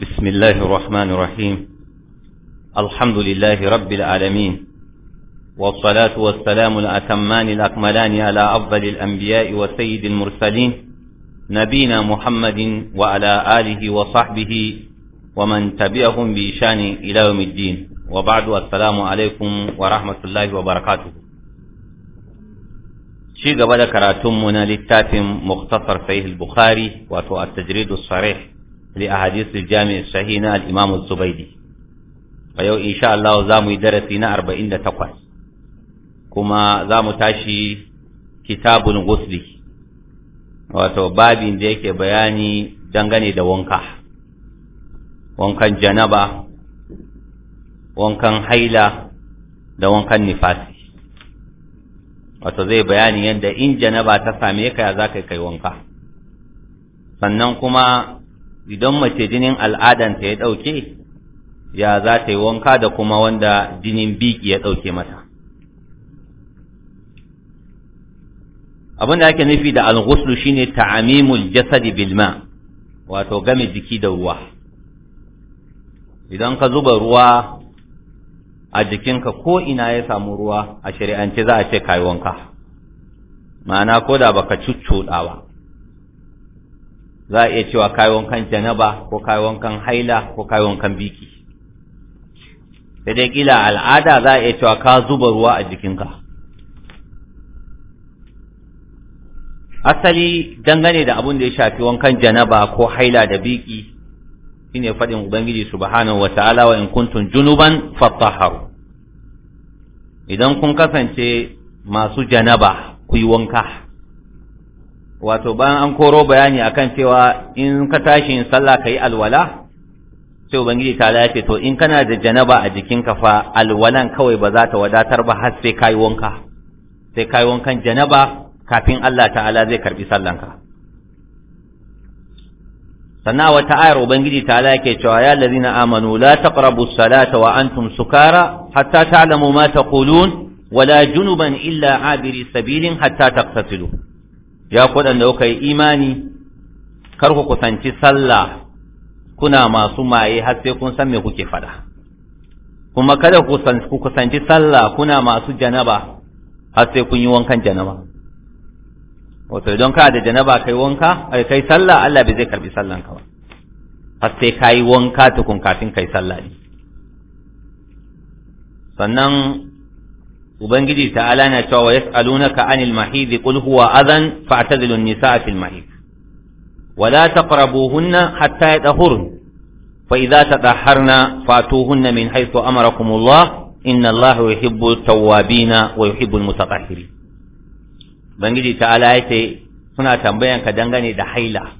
بسم الله الرحمن الرحيم الحمد لله رب العالمين والصلاة والسلام الأتمان الأكملان على أفضل الأنبياء وسيد المرسلين نبينا محمد وعلى آله وصحبه ومن تبعهم بإشان إلى يوم الدين وبعد السلام عليكم ورحمة الله وبركاته شيء قبل كراتمنا للتاتم مختصر فيه البخاري وتو التجريد الصريح li ahadith al-jami' sahih na al-imam az-zubaydi a yau insha Allah za mu yi darasi na 48 kuma za mu tashi kitabun gusli wato babin da yake bayani dangane da wanka wankan janaba wankan haila da wankan nifasi wato zai bayani yadda in janaba ta same ka ya za kai wanka sannan kuma idan mace jinin al'adanta ya ɗauke ya za ta yi wanka da kuma wanda jinin biki ya ɗauke mata abin da ake nufi da alghuslu shine ta'amimul jasadi bilma wato game jiki da ruwa idan ka zuba ruwa a jikinka ko ina ya samu ruwa a shari'ance za a ce yi wanka ma'ana ko da baka cuccuɗa ba za a iya cewa kayi wankan janaba ko kayi wankan haila ko kayi wankan biki sai dai kila al'ada za a iya cewa ka zuba ruwa a jikinka asali dangane da abin da ya shafi wankan janaba ko haila da biki shine faɗin ubangiji subhanahu wataala wa in kuntum junuban fattaharu idan kun kasance masu janaba ku yi wanka wato bayan an koro bayani akan cewa in ka tashi yin sallah kai alwala sai ubangiji ta ce, to in kana da janaba a jikinka fa alwalan kawai ba za ta wadatar ba har sai kai wanka sai kai wankan janaba kafin Allah ta'ala zai karbi sallanka sannan wata ayar ubangiji ta ala yake cewa ya lazina amanu la taqrabu salata wa antum sukara hatta ta'lamu ma taqulun wala junuban illa abiri sabilin hatta taqtasilu ya kuɗanda kuka yi imani kar ku kusanci sallah kuna masu maye har sai kun san me kuke faɗa kuma kada ku kusanci sallah kuna masu janaba har sai kun yi wankan janaba wato don ka da janaba kai wanka ai kai sallah Allah bai zai karbi sallan ka ba har sai kai wanka tukun kafin kai sallah ne sannan ubangiji ta'ala na cewa wa yas'alunaka anil mahid qul huwa adhan fa'tazilu an-nisaa fil mahid wa la taqrabuhunna hatta yatahurna fa idza tadahharna fatuhunna min haythu amarakumullah inna allaha yuhibbu at-tawwabina wa yuhibbu al-mutatahhirin ubangiji ta'ala yace suna tambayan ka dangane da haila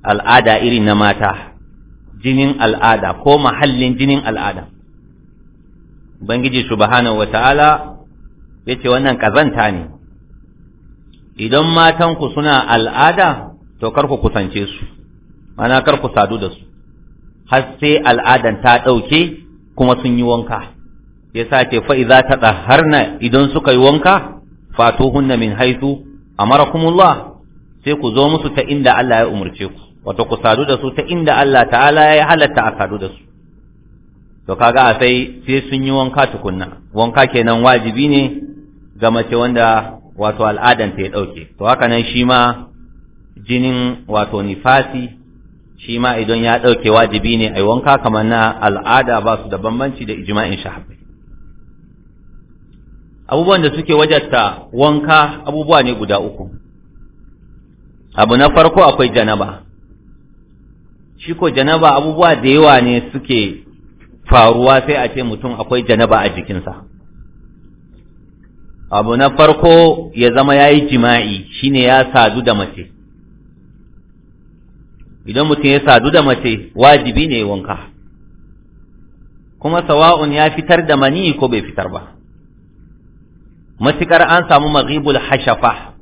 al'ada irin na mata jinin al'ada ko mahallin jinin al'ada ubangiji subhanahu ya yace wannan kazanta ne idan matanku suna al'ada to karku ku kusance su mana kar sadu da su har sai al'adan ta ɗauke kuma sun yi wanka Ya sa ce ta idza na idan suka yi wanka fato hunna min haythu amarakumullah sai ku zo musu ta inda Allah ya umarce ku wato ku sadu da su ta inda Allah ta'ala ya halatta a sadu da su to kaga a sai sai sun yi wanka tukunna wanka kenan wajibi ne ga mace wanda wato al'adan ta ya dauke to haka nan shi ma jinin wato nifasi shi ma idan ya dauke wajibi ne ai wanka kamar na al'ada ba su da bambanci da ijma'in shahabi abubuwan da suke wajatta wanka abubuwa ne guda uku abu na farko akwai janaba shi ko janaba abubuwa da yawa ne suke faruwa sai a ce mutum akwai janaba a jikinsa abu na farko ya zama ya yi jima'i shine ya sadu da mace idan mutum ya sadu da mace wajibi ne wanka kuma sawa'un ya fitar da mani ko bai fitar ba matukar an samu maghibul hashafa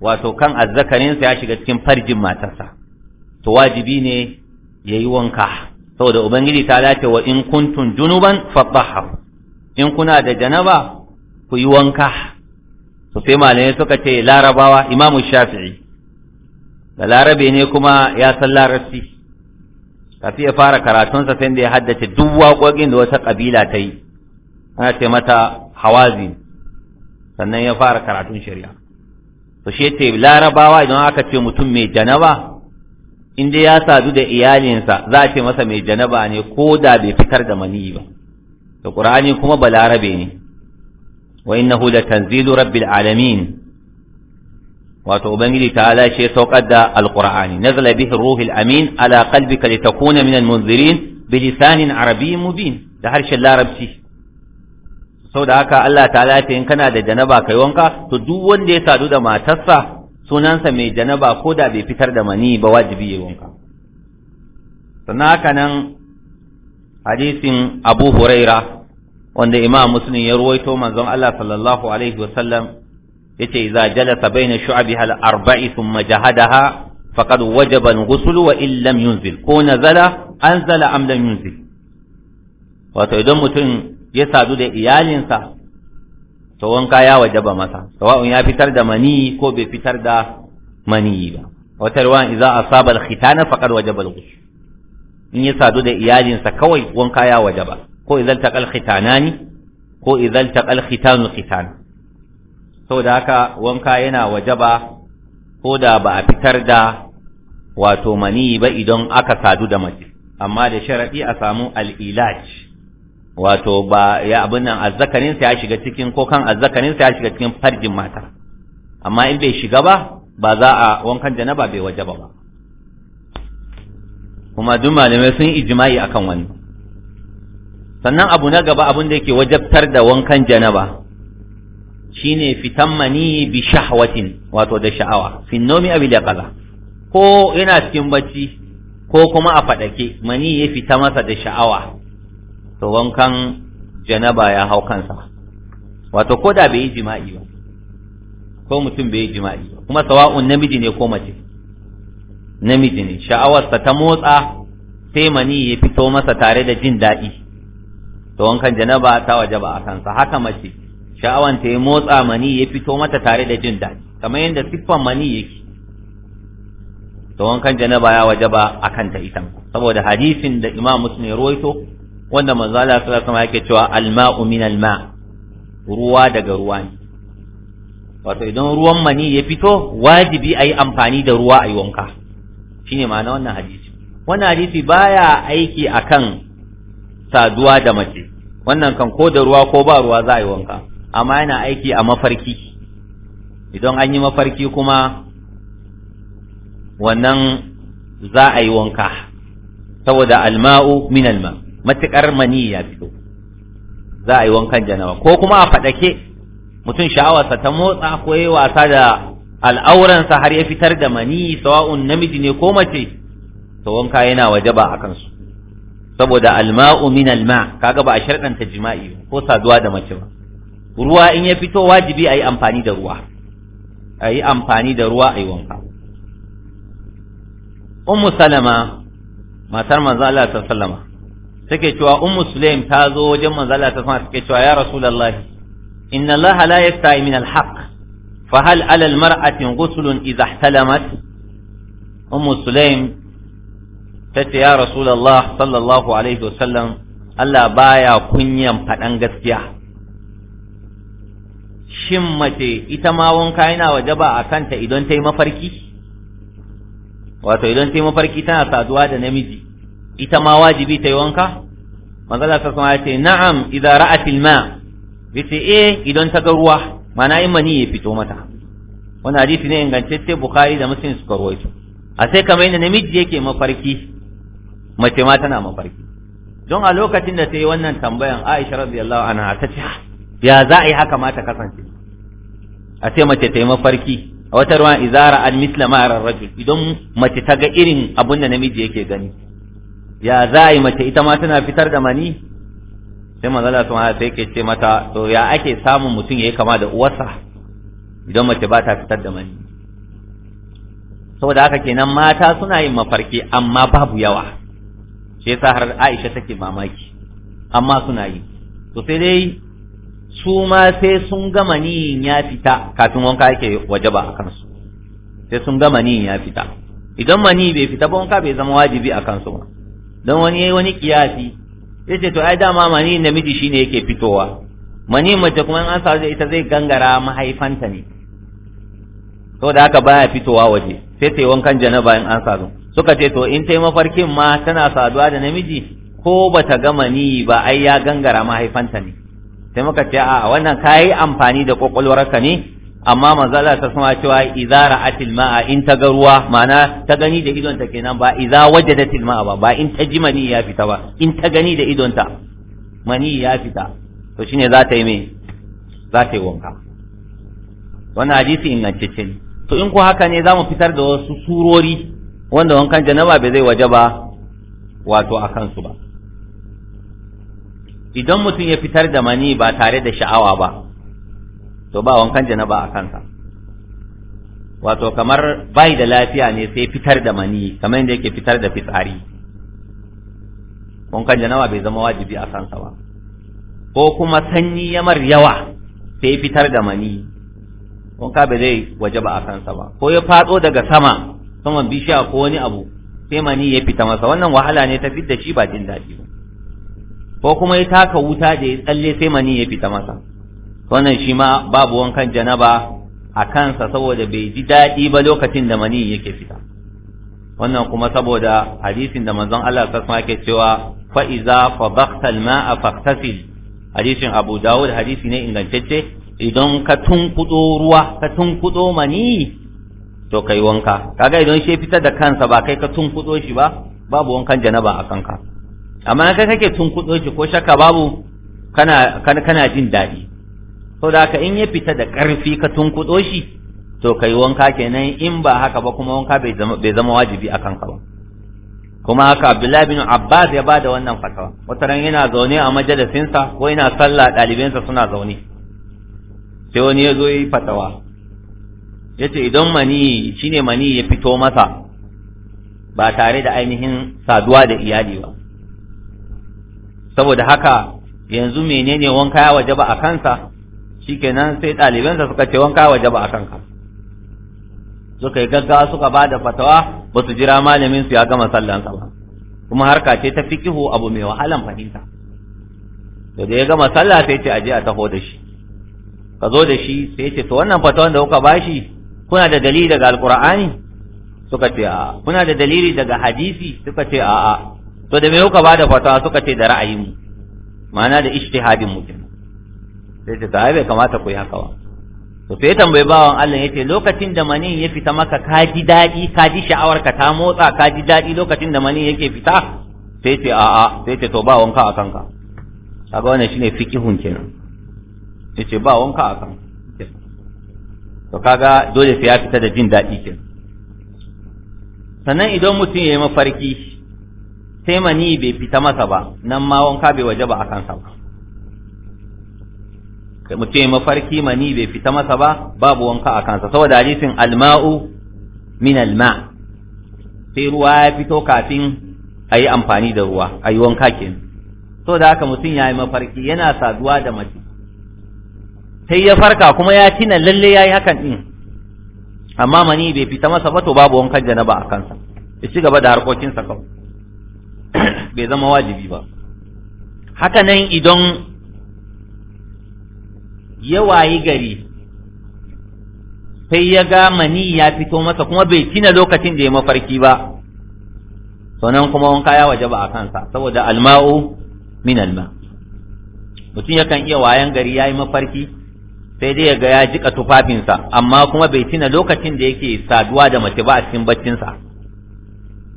wato kan azzakarinsa ya shiga cikin farjin matarsa to wajibi ne ya yi wanka saboda ubangiji ta dace wa in kuntun junuban fatahhar in kuna da janaba ku yi wanka to sai malamai suka ce larabawa imamu shafi'i da larabe ne kuma ya san larabci kafin ya fara karatunsa sai da ya haddace duk waƙoƙin da wata ƙabila ta yi ana ce mata hawazi sannan ya fara karatun shari'a to shi ce larabawa idan aka ce mutum mai janaba in dai ya sadu da iyalinsa za a ce masa mai janaba ne ko da bai fitar da mani ba da qur'ani kuma balarabe ne wa innahu la tanzilu rabbil alamin wato ubangiji ta'ala shi saukar da alqur'ani nazala bihi ruhul amin ala ta litakuna minan munzirin bi lisanin arabiyyin mubin da harshen larabci sau da haka Allah ta lafi in kana da janaba kai wanka to duk wanda ya sadu da matarsa sunansa mai janaba ko da bai fitar da mani ba wajibi ya wanka sannan haka nan hadisin abu huraira wanda imam muslim ya ruwaito manzon Allah sallallahu alaihi wasallam yace idza jalasa baina shu'abiha al-arba'i thumma jahadaha faqad wajaba al-ghusl wa in lam yunzil ko nazala anzala am lam yunzil wato idan mutum ya sadu da iyalinsa to wanka ya wajaba masa sawa'un ya fitar da mani ko bai fitar da mani ba wata ruwan idza asaba al-khitana faqad wajaba al-ghusl in ya sadu da sa kawai wanka ya wajaba ko idan taqal khitanani ko idan taqal khitanu khitan saboda haka wanka yana wajaba ko da ba a fitar da wato mani ba idan aka sadu da mace amma da sharadi a samu al-ilaj wato ba ya abin nan azzakarin sa ya shiga cikin ko kan azzakarin sa ya shiga cikin farjin mata, amma in bai shiga ba ba za a wankan janaba bai waje ba kuma duk malamai sun ijma'i akan wani, sannan abu na gaba abin da yake wajabtar da wankan janaba shine fitan mani bi shahwatin wato da sha'awa fin nomi abi da ko yana cikin bacci ko kuma a fadake mani ya fita masa da sha'awa to wankan janaba ya hau kansa wato ko da bai yi jima'i ba ko mutum bai yi jima'i ba kuma sawa'un namiji ne ko mace namiji ne sha'awarsa ta motsa sai mani ya fito masa tare da jin daɗi to wankan janaba ta wajaba a kansa haka mace sha'awanta ya motsa mani ya fito mata tare da jin daɗi kamar yadda siffan mani yake to wankan janaba ya wajaba a ta ita saboda hadisin da Imam Muslim ya ruwaito wanda manzo Allah sallallahu alaihi yake cewa alma'u min alma ruwa daga ruwa ne wato idan ruwan mani ya fito wajibi ayi amfani da ruwa ayi wanka shine ma'ana wannan hadisi wannan hadisi baya aiki akan saduwa da mace wannan kan ko da ruwa ko ba ruwa za a yi wanka amma yana aiki a mafarki idan an yi mafarki kuma wannan za a yi wanka saboda alma'u min alma matuƙar mani ya fito za a yi wankan janaba ko kuma a faɗake mutum sha'awarsa ta motsa ko yi wasa da al'auransa har ya fitar da mani sawa'un namiji ne ko mace to wanka yana wajaba a kansu saboda alma'u min alma kaga ba a sharɗanta jima'i ko saduwa da mace ba ruwa in ya fito wajibi a yi amfani da ruwa a yi amfani da ruwa a yi wanka ummu salama matar manzo Allah sallama take cewa um muslim ta zo wajen manzala ta sama take cewa ya rasulullah inna allah la yasta min alhaq fa hal ala almar'ati ghuslun idha ihtalamat um muslim tace ya rasulullah sallallahu alaihi wasallam Allah baya kunyan faɗan gaskiya shin mace ita ma wanka yana waje ba a kanta idan ta yi mafarki wato idan ta yi mafarki tana saduwa da namiji ita ma wajibi ta yi wanka manzala ta sama ya ce na'am idan ra’a filma, bisa e eh, idan ta ga ruwa mana in mani ya fito mata wani hadisi ne ingantacce bukhari da muslim suka rawaito a sai kamar yadda namiji yake mafarki mace ma tana mafarki don a lokacin da ta yi wannan tambayan aisha radiyallahu anha ta ce ya za a yi haka ma ta kasance a sai mace ta yi mafarki a wata ruwan izara al misla idan mace ta ga irin abun da namiji yake gani ya za a yi mace ita ma tana fitar da mani sai manzala sun hana sai ke ce mata to ya ake samun mutum ya yi kama da uwarsa idan mace ba ta fitar da mani saboda haka kenan mata suna yin mafarki amma babu yawa shi yasa har Aisha take mamaki amma suna yi to sai dai su ma sai sun gama mani ya fita kafin wanka yake wajaba a kansu sai sun gama mani ya fita idan mani bai fita ba wanka bai zama wajibi a kansu ba don wani yi wani kiyasi ce to ai dama mani namiji shine yake fitowa mani mace kuma an sa ita zai gangara mahaifanta ne da haka baya fitowa waje sai ta yi wankan janaba in an suka ce to in ta yi mafarkin ma tana saduwa da namiji ko ba ta gama ni ba ai ya gangara mahaifanta ne sai muka ce a wannan kayi amfani da kwakwalwarka ne amma manzala ta sama cewa idza ra'atil ma'a in ta ga ruwa ma'ana ta gani da idonta kenan ba idza wajadatil ma'a ba ba in ta ji mani ya fita ba in ta gani da idonta mani ya fita to shine za ta yi me za ta yi wanka wannan hadisi ingantacce ne to in ko haka ne za mu fitar da wasu surori wanda wankan janaba bai zai waje ba wato a kansu ba idan mutum ya fitar da mani ba tare da sha'awa ba to ba wankan janaba a kansa wato kamar bai da lafiya ne sai fitar da mani kamar yadda yake fitar da fitsari wankan janaba bai zama wajibi a kansa ba ko kuma sanyi ya mar yawa sai fitar da mani wanka bai zai waje ba a kansa ba ko ya faɗo daga sama saman bishiya ko wani abu sai mani ya fita masa wannan wahala ne ta fit da shi ba jin daɗi ba ko kuma ya taka wuta da ya tsalle sai mani ya fita masa wannan shi ma babu wankan janaba a kansa saboda bai ji daɗi ba lokacin da mani yake fita wannan kuma saboda hadisin da manzon Allah sasma yake cewa fa iza fadakta alma'a faqtasil hadisin Abu Dawud hadisi ne ingantacce idan ka tunkudo ruwa ka tunkudo mani to kai wanka kaga idan shi fitar da kansa ba kai ka tunkudo shi ba babu wankan janaba a kanka amma kai kake tunkudo shi ko shakka babu kana kana jin daɗi saboda in ya fita da ƙarfi ka tunkuɗo shi to kai wanka kenan in ba haka ba kuma wanka bai zama wajibi a kanka ba kuma haka Abdullahi bin Abbas ya bada wannan fatawa wata ran yana zaune a majalisinsa ko yana sallah ɗalibinsa suna zaune sai wani ya zo yi fatawa ce idan mani shine mani ya fito masa ba tare da ainihin saduwa da iyali ba saboda haka yanzu menene wanka ya waje ba a kansa shikenan sai ɗalibansa suka ce wanka waje ba a kanka suka yi gaggawa suka ba da fatawa ba su jira malamin su ya gama sallansa ba kuma harka ce ta fikihu abu mai wahalan fahimta to da ya gama sallah sai ce aje a taho da shi ka zo da shi sai ce to wannan fatawan da kuka bashi kuna da dalili daga alkur'ani suka ce a kuna da dalili daga hadisi suka ce a a to da me kuka ba da fatawa suka ce da ra'ayin mu ma'ana da ijtihadin mutum sai ta bai kamata ku yi haka ba to sai tambayi bawan Allah ya ce lokacin da manin ya fita maka ka ji daɗi ka ji sha'awar ka ta motsa ka ji daɗi lokacin da manin yake fita sai ce a'a sai ce to ba wanka a kanka kaga wannan shine fiqihun kenan yace ba wanka a kanka to kaga dole sai ya fita da jin daɗi kenan sannan idan mutum ya yi mafarki sai mani bai fita masa ba nan ma wanka bai waje ba a kansa ba mutum mafarki mani bai fita masa ba babu wanka a kansa saboda hadisin alma'u min alma sai ruwa ya fito kafin a yi amfani da ruwa a yi wanka ke so da haka mutum ya yi mafarki yana saduwa da mace sai ya farka kuma ya tina lalle ya yi hakan ɗin amma mani bai fita masa ba to babu wankan ba a kansa ya ci gaba da harkokinsa kawai bai zama wajibi ba haka nan idan ya wayi gari sai ya ga mani ya fito masa kuma bai tina lokacin da ya mafarki ba sannan kuma wanka ya waje ba a kansa saboda alma'u min alma mutum yakan iya wayan gari ya yi mafarki sai dai ya ga ya jika tufafinsa amma kuma bai tina lokacin da yake saduwa da mace ba a cikin baccinsa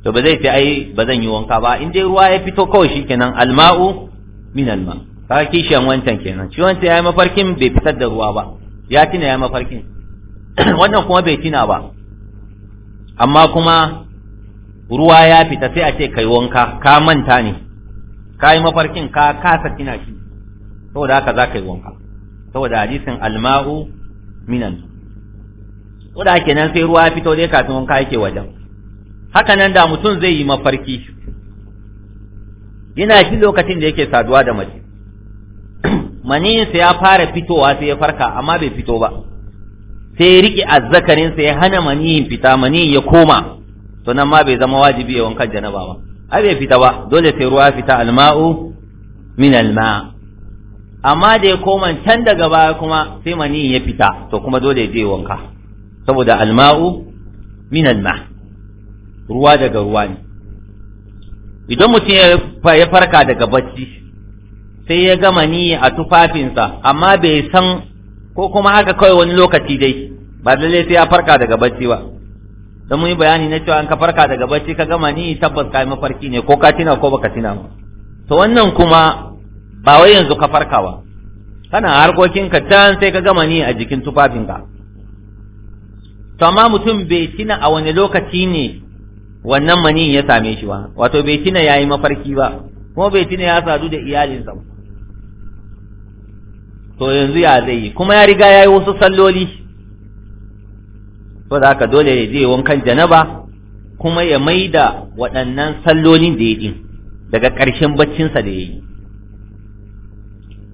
to ba zai ce ai ba zan yi wanka ba in dai ruwa ya fito kawai shikenan alma'u min alma ka kishiyan wancan kenan shi wancan ya yi mafarkin bai fitar da ruwa ba ya tina ya yi mafarkin wannan kuma bai tina ba amma kuma ruwa ya fita sai a ce kai wanka ka manta ne ka yi mafarkin ka kasa tina shi saboda haka za ka yi wanka saboda hadisin alma'u minan saboda kenan sai ruwa ya fito dai kafin wanka yake wajen haka nan da mutum zai yi mafarki yana shi lokacin da yake saduwa da mace maniyinsa ya fara fitowa sai ya farka amma bai fito ba sai ya riƙe azzakarinsa ya hana maniyin fita maniyin ya koma to nan ma bai zama wajibi ya wankan janaba ba ai bai fita ba dole sai ruwa fita alma'u min alma amma da ya koma can daga baya kuma sai maniyin ya fita to kuma dole ya je wanka saboda alma'u min alma ruwa daga ruwa ne idan mutum ya farka daga bacci sai ya gama ni a tufafinsa amma bai san ko kuma haka kawai wani lokaci dai ba lalle sai ya farka daga bacci ba dan mun yi bayani na cewa an ka farka daga bacci ka gama ni tabbas kai mafarki ne ko ka tina ko baka tina ba to wannan kuma ba wai yanzu ka farka ba, kana harkokin ka can sai ka gama ni a jikin tufafinka to amma mutum bai tina a wani lokaci ne wannan mani ya same shi ba wato bai tina yayi mafarki ba kuma bai tina ya sadu da iyalinsa ba to yanzu ya zai yi kuma ya riga ya yi wasu salloli to da ka dole ya je wankan janaba kuma ya maida waɗannan sallolin da ya yi daga ƙarshen baccinsa da ya yi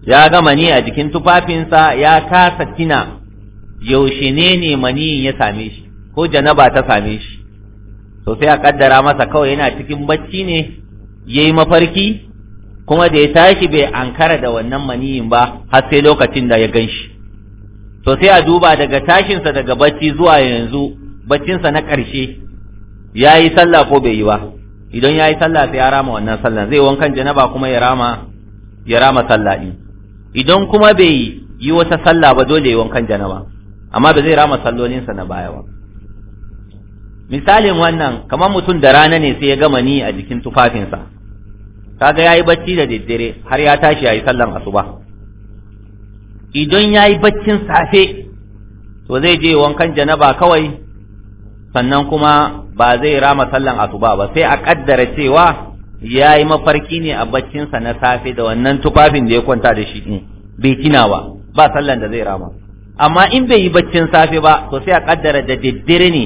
ya ga mani a jikin tufafinsa ya kasa tina yaushe ne ne mani ya same shi ko janaba ta same shi to a ƙaddara masa kawai yana cikin bacci ne ya yi mafarki kuma da ya tashi bai ankara da wannan maniyin ba har sai lokacin da ya gan shi to sai a duba daga tashinsa daga bacci zuwa yanzu baccinsa na ƙarshe ya yi sallah ko bai yi ba idan ya yi sallah sai ya rama wannan sallah zai wankan janaba kuma ya rama ya rama sallah ɗin idan kuma bai yi wata sallah ba dole ya wankan janaba amma ba zai rama sallolinsa na baya ba misalin wannan kamar mutum da rana ne sai ya gama ni a jikin tufafinsa kaga yayi bacci da daddare har ya tashi yayi sallan asuba idan yayi baccin safe to zai je wankan janaba kawai sannan kuma ba zai rama sallan asuba ba sai a kaddara cewa yayi mafarki ne a baccin sa na safe da wannan tufafin da ya kwanta da shi din bai ba ba sallan da zai rama amma in bai yi baccin safe ba to sai a kaddara da daddare ne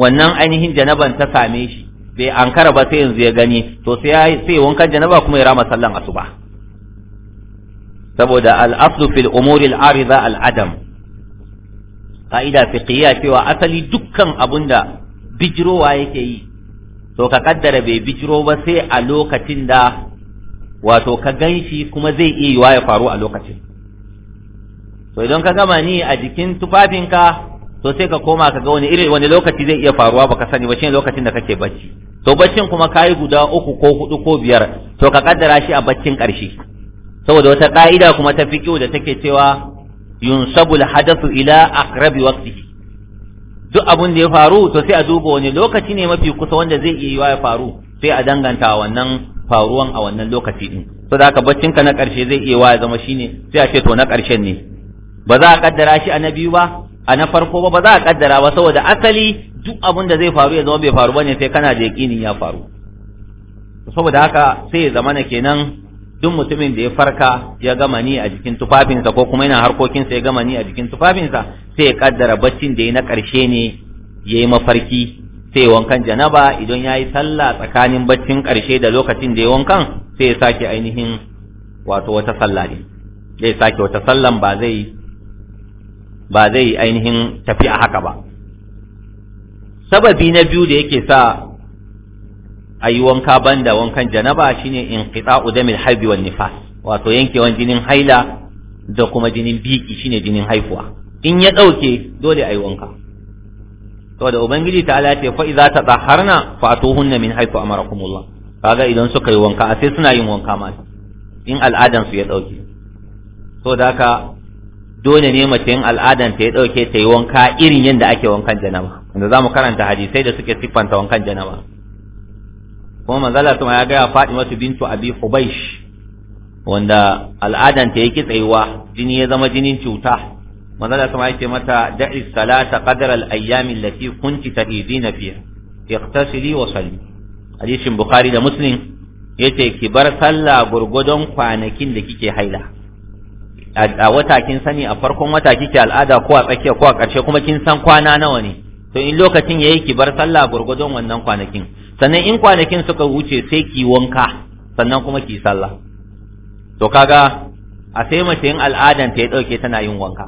wannan ainihin janaban ta same shi bai ankara ba sai yanzu ya gani to sai sai wankan janaba kuma ya rama sallan asuba saboda al-aslu fil umuri al-arida al-adam qaida fiqhiyya cewa asali dukkan abunda bijirowa yake yi to ka kaddara bai bijiro ba sai a lokacin da wato ka ganshi kuma zai iya yiwa ya faru a lokacin to idan ka gama ni a jikin tufafinka to sai ka koma ka ga wani irin wani lokaci zai iya faruwa baka sani ba shine lokacin da kake bacci to baccin kuma kai guda uku ko hudu ko biyar to ka kaddara shi a baccin karshe saboda wata ka'ida kuma ta fiqhu da take cewa yunsabu alhadathu ila aqrabi waqtihi duk abun da ya faru to sai a duba wani lokaci ne mafi kusa wanda zai iya yiwa ya faru sai a danganta wannan faruwan a wannan lokaci din so da haka baccinka na karshe zai iya wa ya zama shine sai a ce to na karshen ne ba za a kaddara shi a na biyu ba a na farko ba ba za a kaddara ba saboda asali duk abin da zai faru ya zama bai faru bane sai kana da yakinin ya faru saboda haka sai ya zama na kenan duk mutumin da ya farka ya gama ni a jikin tufafinsa ko kuma yana harkokinsa ya gama ni a jikin tufafinsa sai ya kaddara baccin da ya na ƙarshe ne ya yi mafarki sai wankan janaba idan ya yi sallah tsakanin baccin ƙarshe da lokacin da ya wankan sai ya sake ainihin wato wata sallah ne zai sake wata sallan ba zai ba zai yi ainihin tafi a haka ba sababi na biyu da yake sa a yi wanka banda wankan janaba shine inqita'u damil haibi wan nifas wato yankewan jinin haila da kuma jinin biki shine jinin haifuwa in ya dauke dole a yi wanka saboda ubangiji ta ala ce fa idza fato hunna min mara amarakumullah kaga idan suka yi wanka a sai suna yin wanka ma in al'adansu su ya dauke saboda haka dole ne mace yin al'adan ta ya dauke ta yi wanka irin yadda ake wankan janaba wanda zamu karanta hadisai da suke siffanta wankan janaba kuma manzala tuma ya gaya masu bintu Abi Hubaysh wanda al'adan ta yake tsayuwa jini ya zama jinin cuta manzala tuma yake mata da'i salata qadar al-ayyam allati kunti ta'idina fiha iqtasili wa salli hadisin Bukhari da Muslim yace ki bar sallah gurgudon kwanakin da kike haila a wata kin sani a farkon wata kike al'ada ko a tsakiya ko a ƙarshe kuma kin san kwana nawa ne to in lokacin yayi ki bar sallah gurgudun wannan kwanakin sannan in kwanakin suka wuce sai ki wanka sannan kuma ki sallah to kaga a sai mace yin al'adan ta ya dauke tana yin wanka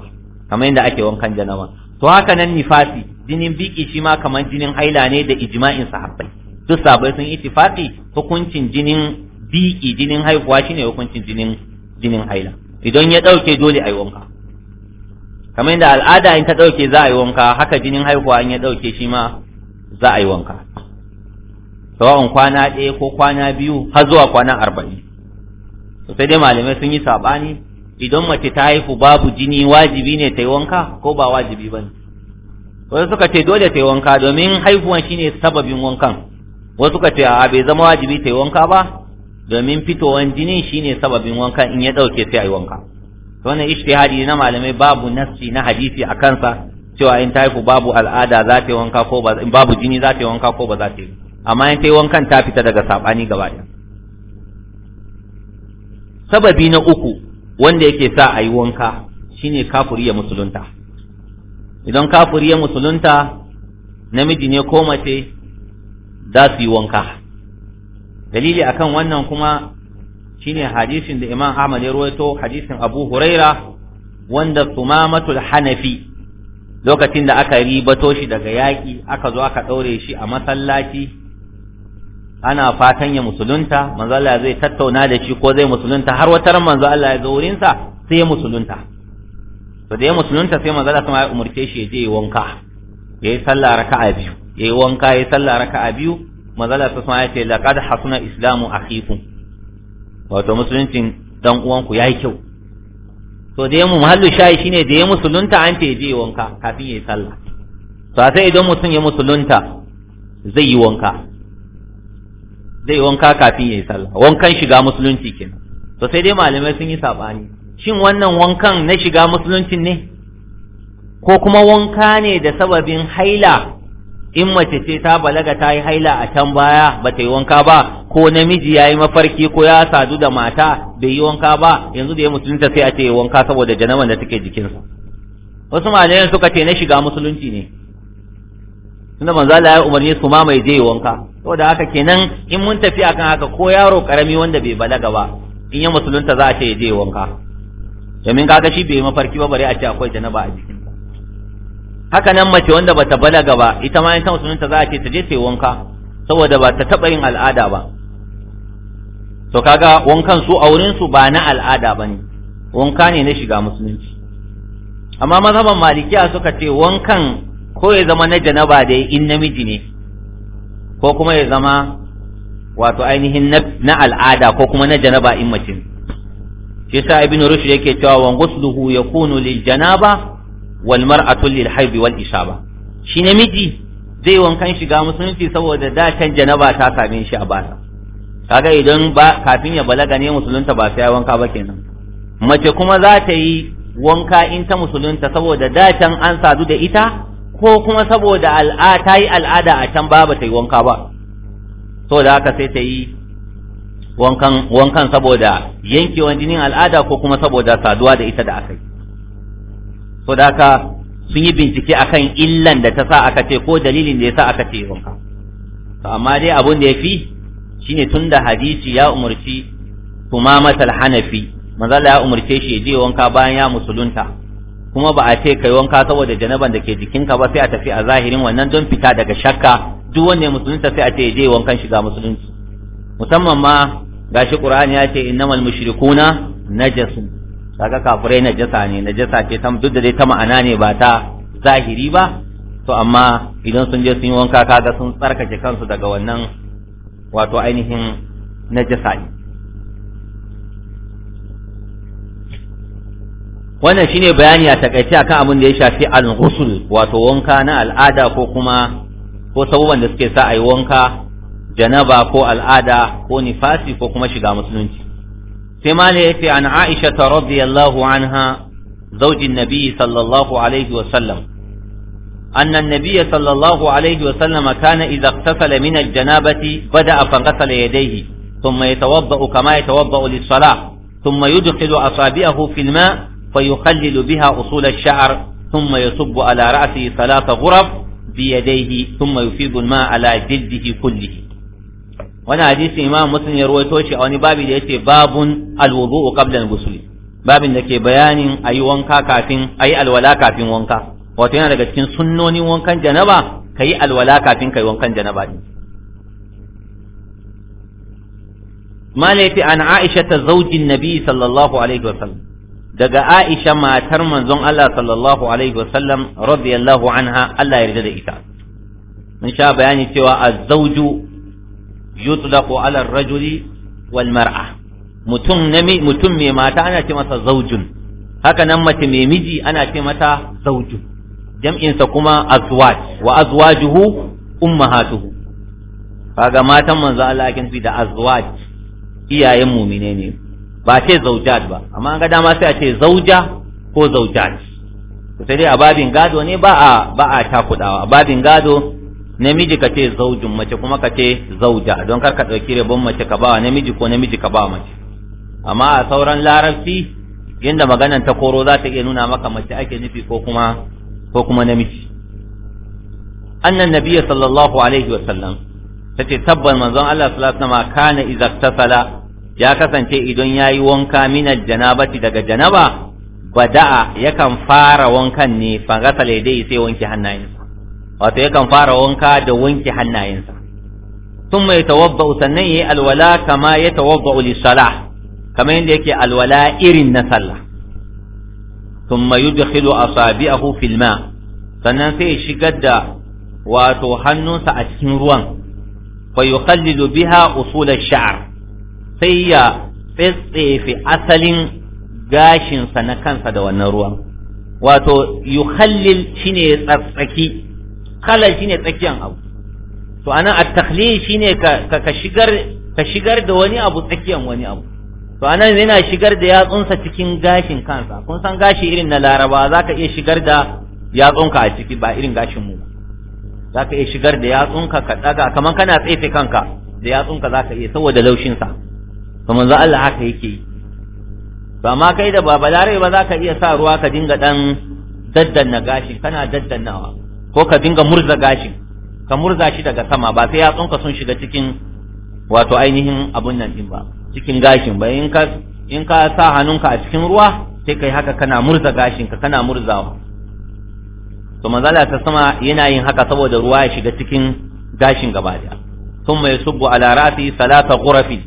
kamar yadda ake wankan janama to haka nan nifasi jinin biki shi ma kamar jinin haila ne da ijma'in sahabbai duk sabai sun tifaki hukuncin jinin biki jinin haihuwa shine hukuncin jinin jinin haila idan ya ɗauke dole a yi wanka kamar yadda al'ada in ta ɗauke za a yi wanka haka jinin haihuwa in ya ɗauke shi ma za a yi wanka sawa'un kwana ɗaya ko kwana biyu har zuwa kwana arba'in to sai dai malamai sun yi saɓani idan mace ta haihu babu jini wajibi ne ta yi wanka ko ba wajibi ba ne wasu suka ce dole ta yi wanka domin haihuwan shine sababin wankan wasu suka ce a bai zama wajibi ta yi wanka ba domin fitowan jinin shine sababin wanka in ya dauke sai ayi wanka wannan ijtihadi na malamai babu nasi na hadisi a kansa cewa in ta haifu babu al'ada za ta yi wanka ko ba babu jini za ta yi wanka ko ba za ta yi amma in ta yi wankan ta fita daga sabani gaba ɗaya sababi na uku wanda yake sa a yi wanka shine kafuri ya musulunta idan kafuri ya musulunta namiji ne ko mace za su yi wanka dalili akan wannan kuma shine hadisin da Imam Ahmad ya rawaito hadisin Abu Huraira wanda Tumamatul Hanafi lokacin da aka ribato shi daga yaƙi aka zo aka ɗaure shi a masallaci ana fatan ya musulunta manzo Allah zai tattauna da shi ko zai musulunta har wata ran manzo Allah ya zo wurin sa sai ya musulunta to da ya musulunta sai manzo Allah ya umurce shi ya je wanka yayi sallah raka'a biyu yayi wanka yayi sallah raka'a biyu mazala ta sama ya ce laqad hasuna islamu akhikum wato musuluncin dan uwanku yayi kyau to da mu mahallu shayi shine da ya musulunta an ce je wanka kafin yayi sallah to sai idan mutum ya musulunta zai yi wanka zai wanka kafin yayi sallah wankan shiga musulunci kenan to sai dai malamai sun yi sabani shin wannan wankan na shiga musuluncin ne ko kuma wanka ne da sababin haila in mace ce ta balaga ta yi haila a can baya ba ta yi wanka ba ko namiji ya yi mafarki ko ya sadu da mata bai yi wanka ba yanzu da ya mutunta sai a ce wanka saboda janaman da take jikinsa wasu malayan suka ce na shiga musulunci ne tunda manzo Allah ya umarni su ma mai je wanka saboda haka kenan in mun tafi akan haka ko yaro karami wanda bai balaga ba in ya musulunta za a ce ya je wanka domin kaga shi bai mafarki ba bare a ce akwai janaba a jikin haka nan mace wanda bata balaga ba ita ma in ta za a ce ta je ta yi wanka saboda ba ta taɓa yin al'ada ba to kaga wankan su a wurin su ba na al'ada ba ne wanka ne na shiga musulunci amma mazhaban malikiya suka ce wankan ko ya zama na janaba da in namiji ne ko kuma ya zama wato ainihin na al'ada ko kuma na janaba in mace ne. shi sa ibnu rushd yake cewa wa ghusluhu yakunu lil janaba wal mar'atu lil ba wal isaba shi namiji zai wankan shiga musulunci saboda da can janaba ta same shi a basa kaga idan ba kafin ya balaga ne musulunta ba sai wanka ba kenan mace kuma za ta yi wanka in ta musulunta saboda da can an sadu da ita ko kuma saboda al'a ta yi al'ada a can ba ba ta yi wanka ba saboda haka sai ta yi wankan saboda yankewan jinin al'ada ko kuma saboda saduwa da ita da aka yi so sun yi bincike akan illan da ta sa aka ce ko dalilin da ya sa aka ce wanka to amma dai abun da ya fi shine tunda hadisi ya umarci tumamatal hanafi manzo Allah ya umarce shi je wanka bayan ya musulunta kuma ba a ce kai wanka saboda janaban da ke jikinka ba sai a tafi a zahirin wannan don fita daga shakka duk wanda musulunta sai a ce je wankan shiga musulunci musamman ma gashi Qur'ani ya ce innamal mushrikuna najasun kaga kafirai najasa ne najasa ce tam duk da dai ta ma'ana ne ba ta zahiri ba to amma idan sun je sun yi wanka kaga sun tsarkake kansu daga wannan wato ainihin najasa ne wannan shine bayani a takaice akan abin da ya shafi al-ghusl wato wanka na al'ada ko kuma ko sabuban da suke sa ayi wanka janaba ko al'ada ko nifasi ko kuma shiga musulunci تمالي في عن عائشة رضي الله عنها زوج النبي صلى الله عليه وسلم أن النبي صلى الله عليه وسلم كان إذا اغتسل من الجنابة بدأ فغسل يديه ثم يتوضأ كما يتوضأ للصلاة ثم يدخل أصابعه في الماء فيخلل بها أصول الشعر ثم يصب على رأسه ثلاث غرف بيديه ثم يفيض الماء على جلده كله wani hadisi imam muslim ya ruwaito shi a wani babi da yace babun alwudu'u qabla al-ghusl babin da ke bayanin ayi wanka kafin ayi alwala kafin wanka wato yana daga cikin sunnonin wankan janaba kayi alwala kafin kai wankan janaba din malaiti an aisha ta zaujin nabi sallallahu alaihi wasallam daga aisha matar manzon Allah sallallahu alaihi wasallam radiyallahu anha Allah ya yarda da ita mun sha bayani cewa az-zawju yutlaqu ala ar-rajuli wal mar'a mutum nami mutum mai mata ana ce masa zaujun haka nan mace mai miji ana ce mata jam'in jam'insa kuma azwaj wa azwajuhu ummahatuhu kaga matan manzo Allah yake da azwaj iyayen mu'mine ne ba ce zaujat ba amma an ga dama sai a ce zauja ko zaujat sai dai a babin gado ne ba a ba a takudawa a babin gado namiji ka ce zaujin mace kuma ka ce zauja don kar ka ɗauki rabon mace ka ba namiji ko namiji ka ba mace amma a sauran larabci inda maganan ta koro za ta iya nuna maka mace ake nufi ko kuma ko kuma namiji annan nabiyya sallallahu alaihi wa sallam tace tabban manzon Allah sallallahu alaihi wa sallam kana idza tasala ya kasance idan ya yi wanka minar janabati daga janaba bada'a yakan fara wankan ne fagasa laidai sai wanke hannayensa wato yakan fara wanka da wanke hannayensa sun mai tawabba sannan ya yi alwala kama ya tawabba sala kamar yadda yake alwala irin na sallah sun mai yudkhilu asabi'ahu fil ma sannan sai ya shigar da wato hannunsa a cikin ruwan fa yukhallilu biha usul ash sai ya tsitsefe asalin gashinsa na kansa da wannan ruwan wato yukhallil shine tsatsaki khalal shine tsakiyan abu to anan at a shine ka ka shigar ka shigar da wani abu tsakiyan wani abu to anan yana shigar da yatsunsa cikin gashin kansa kun san gashi irin na laraba zaka iya shigar da yatsunka a ciki ba irin gashin mu zaka iya shigar da yatsunka ka daga kaman kana tsefe kanka da yatsunka zaka iya saboda laushin sa to manzo Allah haka yake yi to amma kai da ba balare ba zaka iya sa ruwa ka dinga dan daddanna gashi kana daddannawa ko ka dinga murza gashin ka murza shi daga sama ba sai yatsunka sun shiga cikin wato ainihin abun nan din ba cikin gashin ba in ka in ka sa hannunka a cikin ruwa sai kai haka kana murza gashin ka kana murzawa to manzala ta sama yana yin haka saboda ruwa ya shiga cikin gashin gaba daya mai subu ala rafi salata ghurafi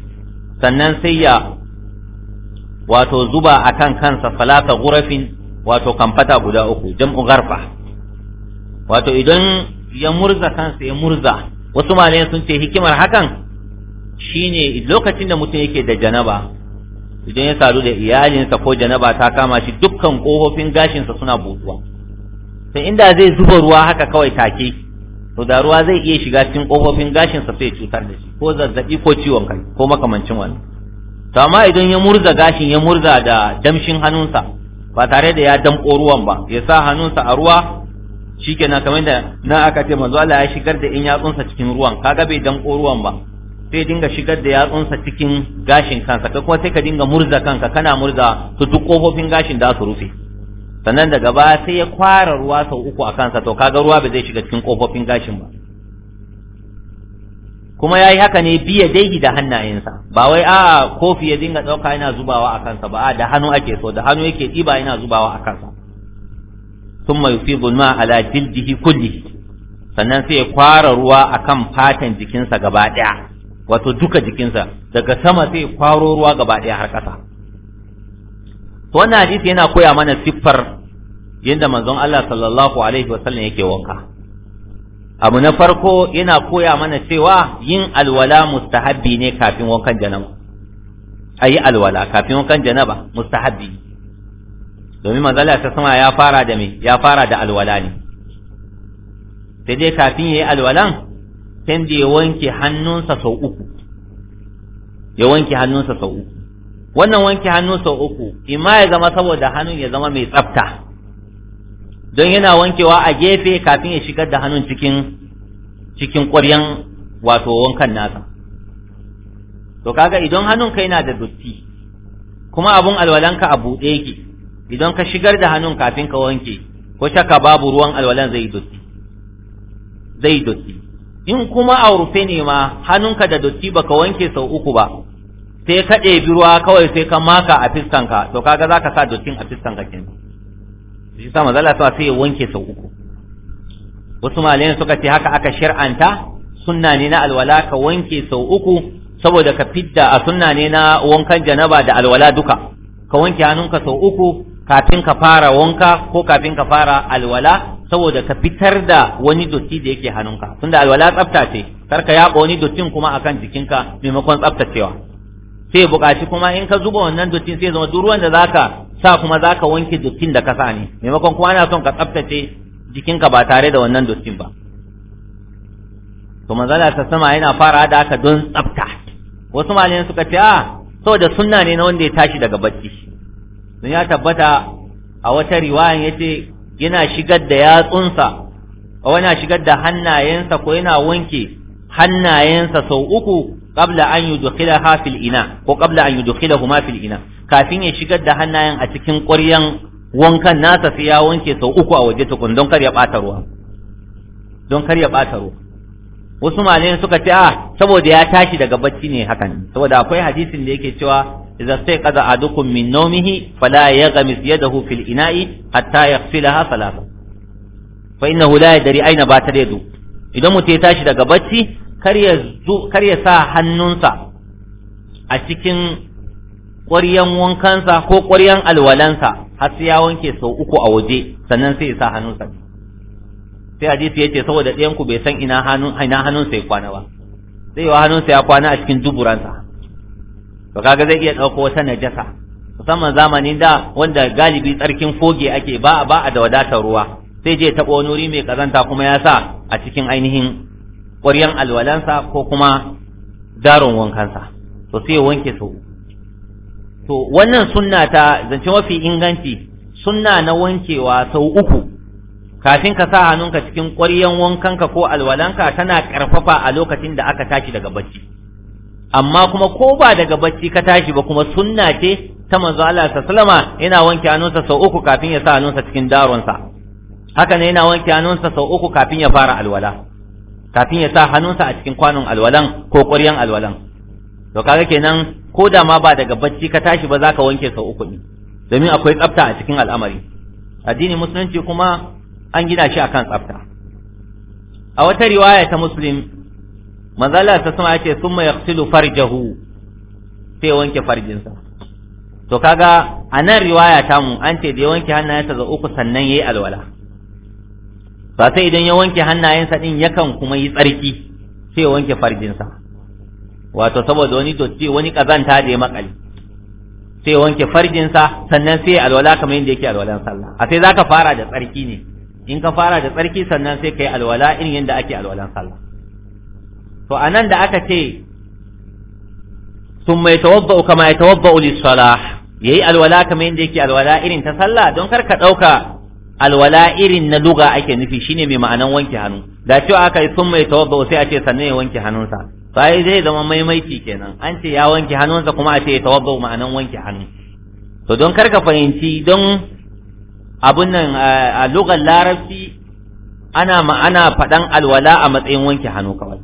sannan sai ya wato zuba akan kansa salata gurafin, wato kamfata guda uku jam'u gharfa wato idan ya murza kansa ya murza wasu malayan sun ce hikimar hakan shine lokacin da mutum yake da janaba idan ya sadu da iyalinsa ko janaba ta kama shi dukkan kofofin gashinsa suna butuwa sai inda zai zuba ruwa haka kawai take to da ruwa zai iya shiga cikin kofofin gashinsa sai cutar da shi ko zazzabi ko ciwon kai ko makamancin wani to amma idan ya murza gashin ya murza da damshin hannunsa ba tare da ya damko ruwan ba ya sa hannunsa a ruwa shikenan kamar da na aka ce manzo Allah ya shigar da in yatsunsa cikin ruwan kaga bai dan ruwan ba sai dinga shigar da yatsunsa cikin gashin kansa ka kuma sai ka dinga murza kanka kana murza su duk kofofin gashin da su rufe sannan daga baya sai ya kwara ruwa sau uku a kansa to kaga ruwa bai zai shiga cikin kofofin gashin ba kuma yayi haka ne biya daihi da hannayensa ba wai a kofi ya dinga ɗauka, yana zubawa a kansa ba a da hannu ake so da hannu yake ɗiba, yana zubawa a kansa mai fi ma ala jirgin kulli sannan sai ya kwara ruwa akan fatan jikinsa gaba ɗaya wato duka jikinsa daga sama sai ya kwaro ruwa gaba ɗaya har ƙasa. to wannan hadisi yana koya mana siffar yadda manzon Allah sallallahu alaihi wasallam yake wanka abu na farko yana koya mana cewa yin alwala mustahabbi ne kafin wankan janaba ayi alwala kafin wankan janaba mustahabbi domin manzala ta sama ya fara da mai ya fara da alwala ne sai dai kafin ya yi alwalan sai da ya wanke hannunsa sau uku ya wanke hannunsa sau uku wannan wanke hannu sau uku ima ya zama saboda hannun ya zama mai tsafta don yana wankewa a gefe kafin ya shigar da hannun cikin cikin ƙwaryan wato wankan nasa to kaga idan kai yana da dotti kuma abun alwalanka a buɗe yake idan ka shigar da hannun kafin ka wanke ko shaka babu ruwan alwalan zai dotti zai dotti in kuma a rufe ne ma hannunka da dotti baka wanke sau uku ba sai ka ɗebi ruwa kawai sai ka maka a fiskanka to kaga zaka sa dottin a fiskanka kenan shi sa maza sa sai ya wanke sau uku wasu malayan suka ce haka aka shir'anta sunna ne na alwala ka wanke sau uku saboda ka fidda a sunna ne na wankan janaba da alwala duka ka wanke hannunka sau uku kafin ka fara wanka ko kafin ka fara alwala saboda ka fitar da wani dotti da yake hannunka tunda alwala tsafta ce kar ka yaba wani dottin kuma akan jikinka maimakon tsaftacewa sai ya buƙaci kuma in ka zuba wannan dottin sai zama duruwan da zaka sa kuma zaka wanke dottin da ka sa ne maimakon kuma ana son ka tsaftace jikinka ba tare da wannan dottin ba to manzala ta sama yana fara da haka don tsafta wasu malamai suka ce a ah, saboda sunna ne na wanda ya tashi daga bacci don ya tabbata a wata riwayan ce yana shigar da yatsunsa ko yana shigar da hannayensa ko yana wanke hannayensa sau uku qabla an yi ha fil ina ko qabla an yi huma fil ina kafin ya shigar da hannayen a cikin ƙwaryan wankan nasa sai ya wanke sau uku a waje tukun don kar ya ɓata ruwa don kar ya ɓata ruwa wasu malayen suka ce a ah, saboda ya tashi daga bacci ne hakan saboda akwai hadisin da yake cewa idza qada adukum min nawmihi fala yaghmis yadahu fil ina'i hatta yaghsilaha salasa. fa innahu la yadri aina bata yadu idan mutum ya tashi daga bacci kar ya kar ya sa hannunsa a cikin ƙwaryan wankansa ko ƙwaryan alwalansa har sai ya wanke sau uku a waje sannan sai ya sa hannunsa sai hadisi yace saboda ɗayan ku bai san ina hannun ina hannunsa ya kwana ba zai yi hannunsa ya kwana a cikin duburansa to kaga zai iya ɗauko wata najasa musamman zamanin da wanda galibi tsarkin foge ake ba a ba a da wadatar ruwa sai je taɓo wani mai kazanta kuma ya sa a cikin ainihin ƙwaryan alwalansa ko kuma daron wankansa to sai wanke su to wannan sunna ta zance mafi inganci sunna na wankewa sau uku kafin ka sa hannunka cikin ƙwaryan wankanka ko alwalanka tana ƙarfafa a lokacin da aka tashi daga bacci amma kuma ko ba daga bacci ka tashi ba kuma sunna ce ta manzo Allah salama yana wanke hannunsa sau uku kafin ya sa hannunsa cikin daronsa haka ne yana wanke hannunsa sau uku kafin ya fara alwala kafin ya sa hannunsa a cikin kwanon alwalan ko ƙwaryan alwalan to kaga kenan ko da ma ba daga bacci ka tashi ba za ka wanke sau uku ne domin akwai tsafta a cikin al'amari addinin musulunci kuma an gina shi akan tsafta a wata riwaya ta muslim manzala ta sama yace summa yaqtilu farjahu sai wanke farjinsa to kaga a nan riwaya ta mu an ce da ya wanke hannayensa da uku sannan yayi alwala ba sai idan ya wanke hannayensa din yakan kuma yi tsarki sai ya wanke farjinsa wato saboda wani dotti wani kazanta da ya makali sai wanke farjinsa sannan sai alwala kamar yadda yake alwalan sallah a sai zaka fara da tsarki ne in ka fara da tsarki sannan sai ka yi alwala in yanda ake alwalan sallah to anan da aka ce sun tawabba yatawaddau kama tawabba lis-salah yayi alwala kamar yanda yake alwala irin ta sallah don kar ka dauka alwala irin na luga ake nufi shine mai ma'anan wanke hannu da cewa aka yi sun mai tawabba sai a ce sannan ya wanke hannunsa sai zai zama maimaici kenan an ce ya wanke hannunsa kuma a ce ya tawabba ma'anan wanke hannu to don kar ka fahimci don abun nan a lugar larabci ana ma'ana faɗan alwala a matsayin wanke hannu kawai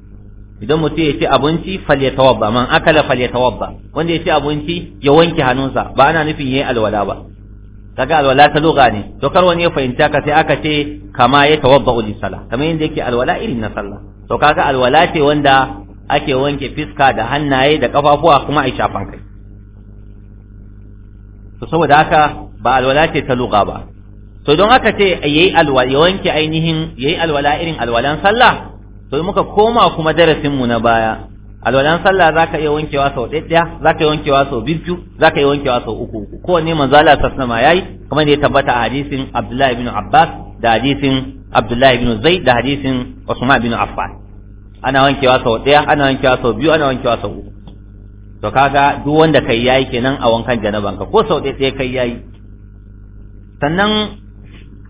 idan mutum ya ci abinci tawabba. man akala tawabba. wanda ya ci abinci ya wanke hannunsa ba ana nufin yayi alwala ba kaga alwala ta lugha ne to kar wani ya fahimta ka sai aka ce kama ya tawabba uli sala kamar yadda yake alwala irin na sallah to kaga alwala ce wanda ake wanke fiska da hannaye da kafafuwa kuma a shafa kai to saboda haka ba alwala ce ta lugha ba to don haka ce yayi alwa ya wanke ainihin yayi alwala irin alwalan sallah to muka koma kuma darasin mu na baya alwalan sallah zaka iya wankewa sau ɗaya zaka iya wankewa sau biyu zaka iya wankewa sau uku uku kowanne manzo Allah sallallahu yayi kamar da ya tabbata a hadisin Abdullah ibn Abbas da hadisin Abdullah ibn Zaid da hadisin Usman ibn Affan ana wankewa sau ɗaya ana wankewa sau biyu ana wankewa sau uku to kaga duk wanda kai yayi kenan a wankan janabanka ko sau ɗaya ɗaya kai yayi sannan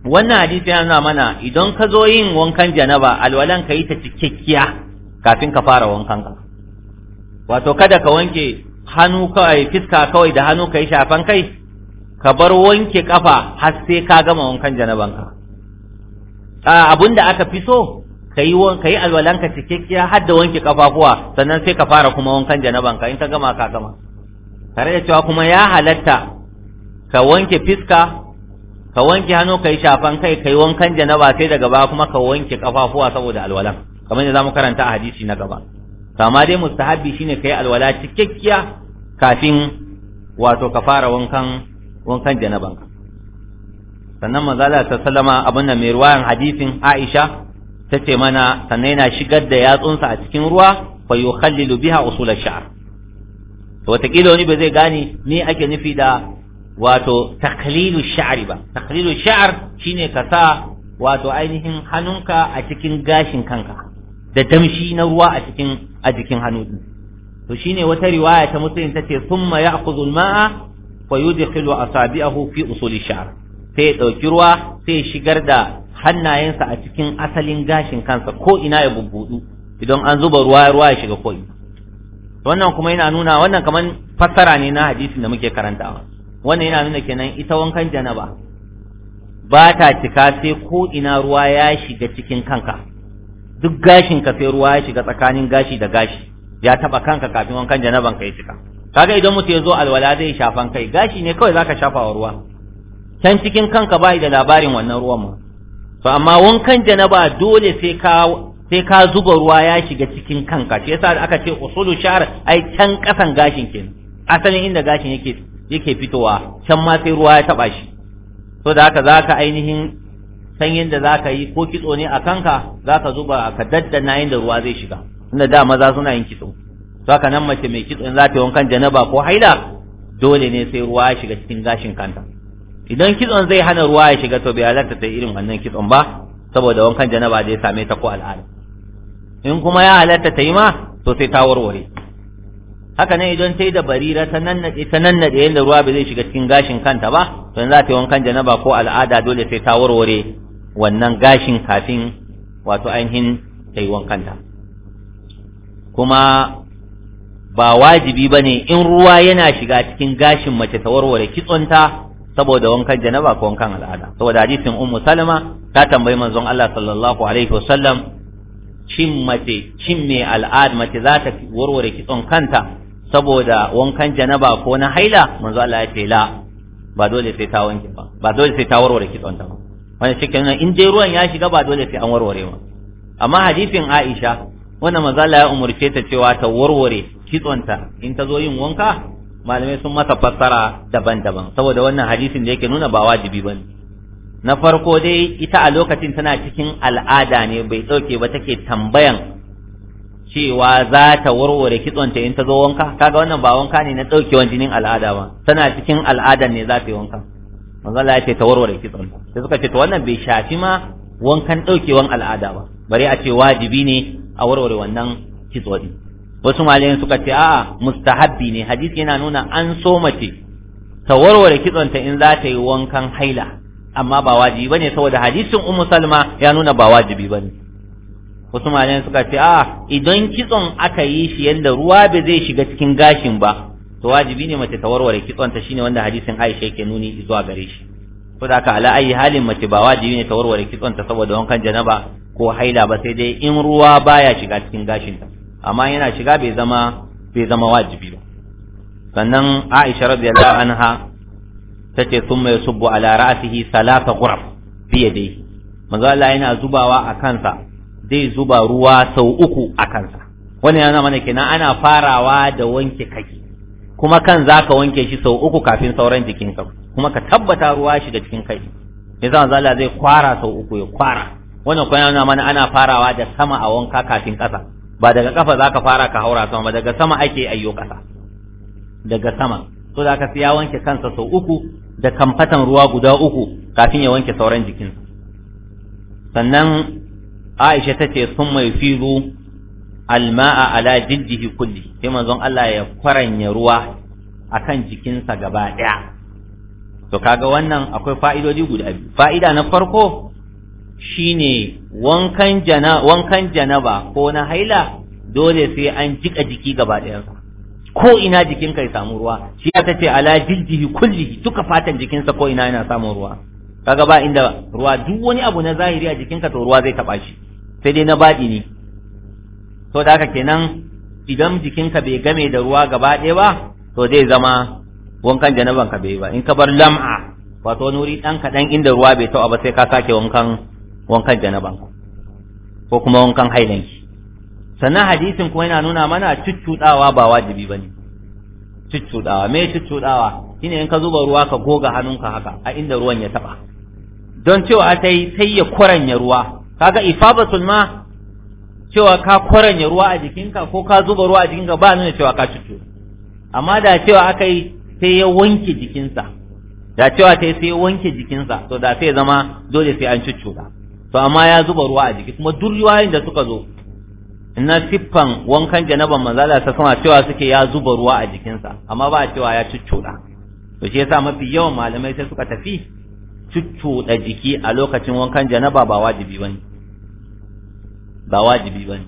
wannan hadisi yana nuna mana idan ka zo yin wankan janaba alwalan ka yi ta cikakkiya kafin ka fara wankan ka wato kada ka wanke hannu kawai fiska kawai da hannu ka yi shafan kai ka bar wanke kafa har sai ka gama wankan janabanka abin da aka fi so ka yi alwalanka cikakkiya har da wanke kafafuwa sannan sai ka fara kuma wankan janabanka in ka gama ka gama tare da cewa kuma ya halatta ka wanke fiska ka wanke hannu kai shafan kai kai wankan janaba sai daga ba kuma ka wanke kafafuwa saboda alwala kamar yadda zamu karanta hadisi na gaba kama dai mustahabi shine kai alwala cikakkiya kafin wato ka fara wankan wankan janaban sannan manzo ta sallama abin da mai ruwayan hadisin Aisha tace mana sannan yana shigar da yatsunsa a cikin ruwa fa yukhallilu biha usul ash-sha'r to wani ba zai gane me ake nufi da wato taklilu sha'ri ba taklilu sha'r shine ka sa wato ainihin hannunka a cikin gashin kanka da damshi na ruwa a cikin a jikin hannu din to shine wata riwaya ta muslim tace thumma ya'khudhu al-ma'a fa yudkhilu asabi'ahu fi usuli sha'r sai ya dauki ruwa sai ya shigar da hannayensa a cikin asalin gashin kansa ko ina ya bubbudu idan an zuba ruwa ruwa ya shiga ko ina wannan kuma yana nuna wannan kaman fassara ne na hadisin da muke karantawa wannan yana nuna kenan ita wankan janaba ba ta cika sai ko ina ruwa ya shiga cikin kanka duk gashin ka sai ruwa ya shiga tsakanin gashi da gashi ya taba kanka kafin wankan janaban ka ya cika kaga idan mutum ya zo alwala zai shafan kai gashi ne kawai zaka shafa wa ruwa can cikin kanka bai da labarin wannan ruwan mu to amma wankan janaba dole sai ka sai ka zuba ruwa ya shiga cikin kanka shi yasa aka ce usulu sha'r ai can kasan gashin kenan asalin inda gashin yake yake fitowa can ma sai ruwa ya taba shi so da haka zaka ainihin san yadda zaka yi ko kitso ne a kanka zaka zuba ka daddana yadda ruwa zai shiga tunda da maza suna yin kitso so haka nan mace mai kitso in za ta yi wankan janaba ko haila dole ne sai ruwa ya shiga cikin gashin kanta idan kitson zai hana ruwa ya shiga to bai halarta ta irin wannan kitson ba saboda wankan janaba zai same ta ko al'ada in kuma ya halarta ta yi ma to sai ta warware haka nan idan ta yi da barira ta nan ta nannaɗe yadda ruwa ba zai shiga cikin gashin kanta ba to za ta yi wankan janaba ko al'ada dole sai ta warware wannan gashin kafin wato ainihin ta yi wankanta kuma ba wajibi ba ne in ruwa yana shiga cikin gashin mace ta warware kitsonta saboda wankan janaba ko wankan al'ada saboda hadisin ummu salama ta tambayi manzon Allah sallallahu alaihi wasallam cin mace cin me al'ad mace za ta warware kitson kanta saboda wankan janaba ko na haila manzo Allah ya ce ba dole sai ta wanke ba ba dole sai ta warware kitson ta ba wani shi kenan in dai ruwan ya shiga ba dole sai an warware ba amma hadisin Aisha wannan manzo Allah ya umurce ta cewa ta warware kitson ta in ta zo yin wanka malamai sun masa fassara daban-daban saboda wannan hadisin da yake nuna ba wajibi ba. na farko dai ita a lokacin tana cikin al'ada ne bai dauke ba take tambayan cewa za ta warware kitsonta in ta zo wanka kaga wannan ba wanka ne na ɗaukewan jinin al'ada ba tana cikin al'ada ne za ta yi wanka manzo Allah ya ce ta warware kitsonta sai suka ce to wannan bai shafi ma wankan ɗaukewan al'ada ba Bari a ce wajibi ne a warware wannan kitsoni. wasu malayen suka ce a'a mustahabbi ne hadisi yana nuna an so mace ta warware kitsonta in za ta yi wankan haila amma ba wajibi bane saboda hadisin ummu salma ya nuna ba wajibi bane wasu malayan suka ce a ah, idan kitson aka yi shi yadda ruwa ba zai shiga cikin gashin ba to wajibi ne mace ta warware kitson ta shine wanda hadisin Aisha yake nuni zuwa gare shi ko da aka ala ayi halin mace ba wajibi ne ta warware kitson ta saboda wankan janaba ko haila ba sai dai in ruwa baya shiga cikin gashin ta amma yana shiga bai zama bai zama wajibi ba sannan Aisha radiyallahu anha tace thumma yusubbu ala ra'sihi salasa ghuraf bi yadihi manzo Allah yana zubawa a kansa zai zuba ruwa sau uku a kansa wani yana mana kenan ana farawa da wanke kai kuma kan zaka wanke shi sau uku kafin sauran jikinka kuma ka tabbata ruwa shiga cikin kai yasa zala zai kwara sau uku ya kwara wannan kuma yana mana ana farawa da sama a wanka kafin ƙasa ba daga kafa zaka fara ka haura sama ba daga sama ake ayyo ƙasa daga sama so da ka siya wanke kansa sau uku da kamfatan ruwa guda uku kafin ya wanke sauran jikinsa sannan aisha ta ce sun mai firu alma'a ala jijjihi kulli sai manzon Allah ya kwaranya ruwa akan jikinsa gaba ɗaya to kaga wannan akwai fa'idodi guda biyu fa'ida na farko shine wankan jana wankan janaba ko na haila dole sai an jika jiki gaba ɗayansa ko ina jikinka ya samu ruwa shi ta ce ala jijjihi kulli duka fatan jikinsa ko ina yana samun ruwa kaga ba inda ruwa duk wani abu na zahiri a jikinka to ruwa zai taɓa shi sai dai na baɗi ne to da haka kenan idan jikinka bai game da ruwa gaba ɗaya ba to zai zama wankan janaban ka bai ba in ka bar lam'a wato nuri ɗan kaɗan inda ruwa bai taɓa ba sai ka sake wankan wankan janaban ko kuma wankan hailanki sannan hadisin kuma yana nuna mana cuccuɗawa ba wajibi ba ne cuccuɗawa me cuccuɗawa shine in ka zuba ruwa ka goga hannunka haka a inda ruwan ya taɓa don cewa ta sai ya kwaranya ruwa kaga ifabatul ma cewa ka kwaranya ruwa a jikinka ko ka zuba ruwa a jikinka ba nuna cewa ka cuto amma da cewa aka yi sai ya wanke jikinsa da cewa ta sai ya wanke jikinsa to da sai zama dole sai an cuccuda to amma ya zuba ruwa a jiki kuma duk ruwayen da suka zo na siffan wankan janaban manzala ta kuma cewa suke ya zuba ruwa a jikinsa amma ba cewa ya da to shi yasa mafi yawan malamai sai suka tafi cuccuda jiki a lokacin wankan janaba ba wajibi bane ba wajibi bane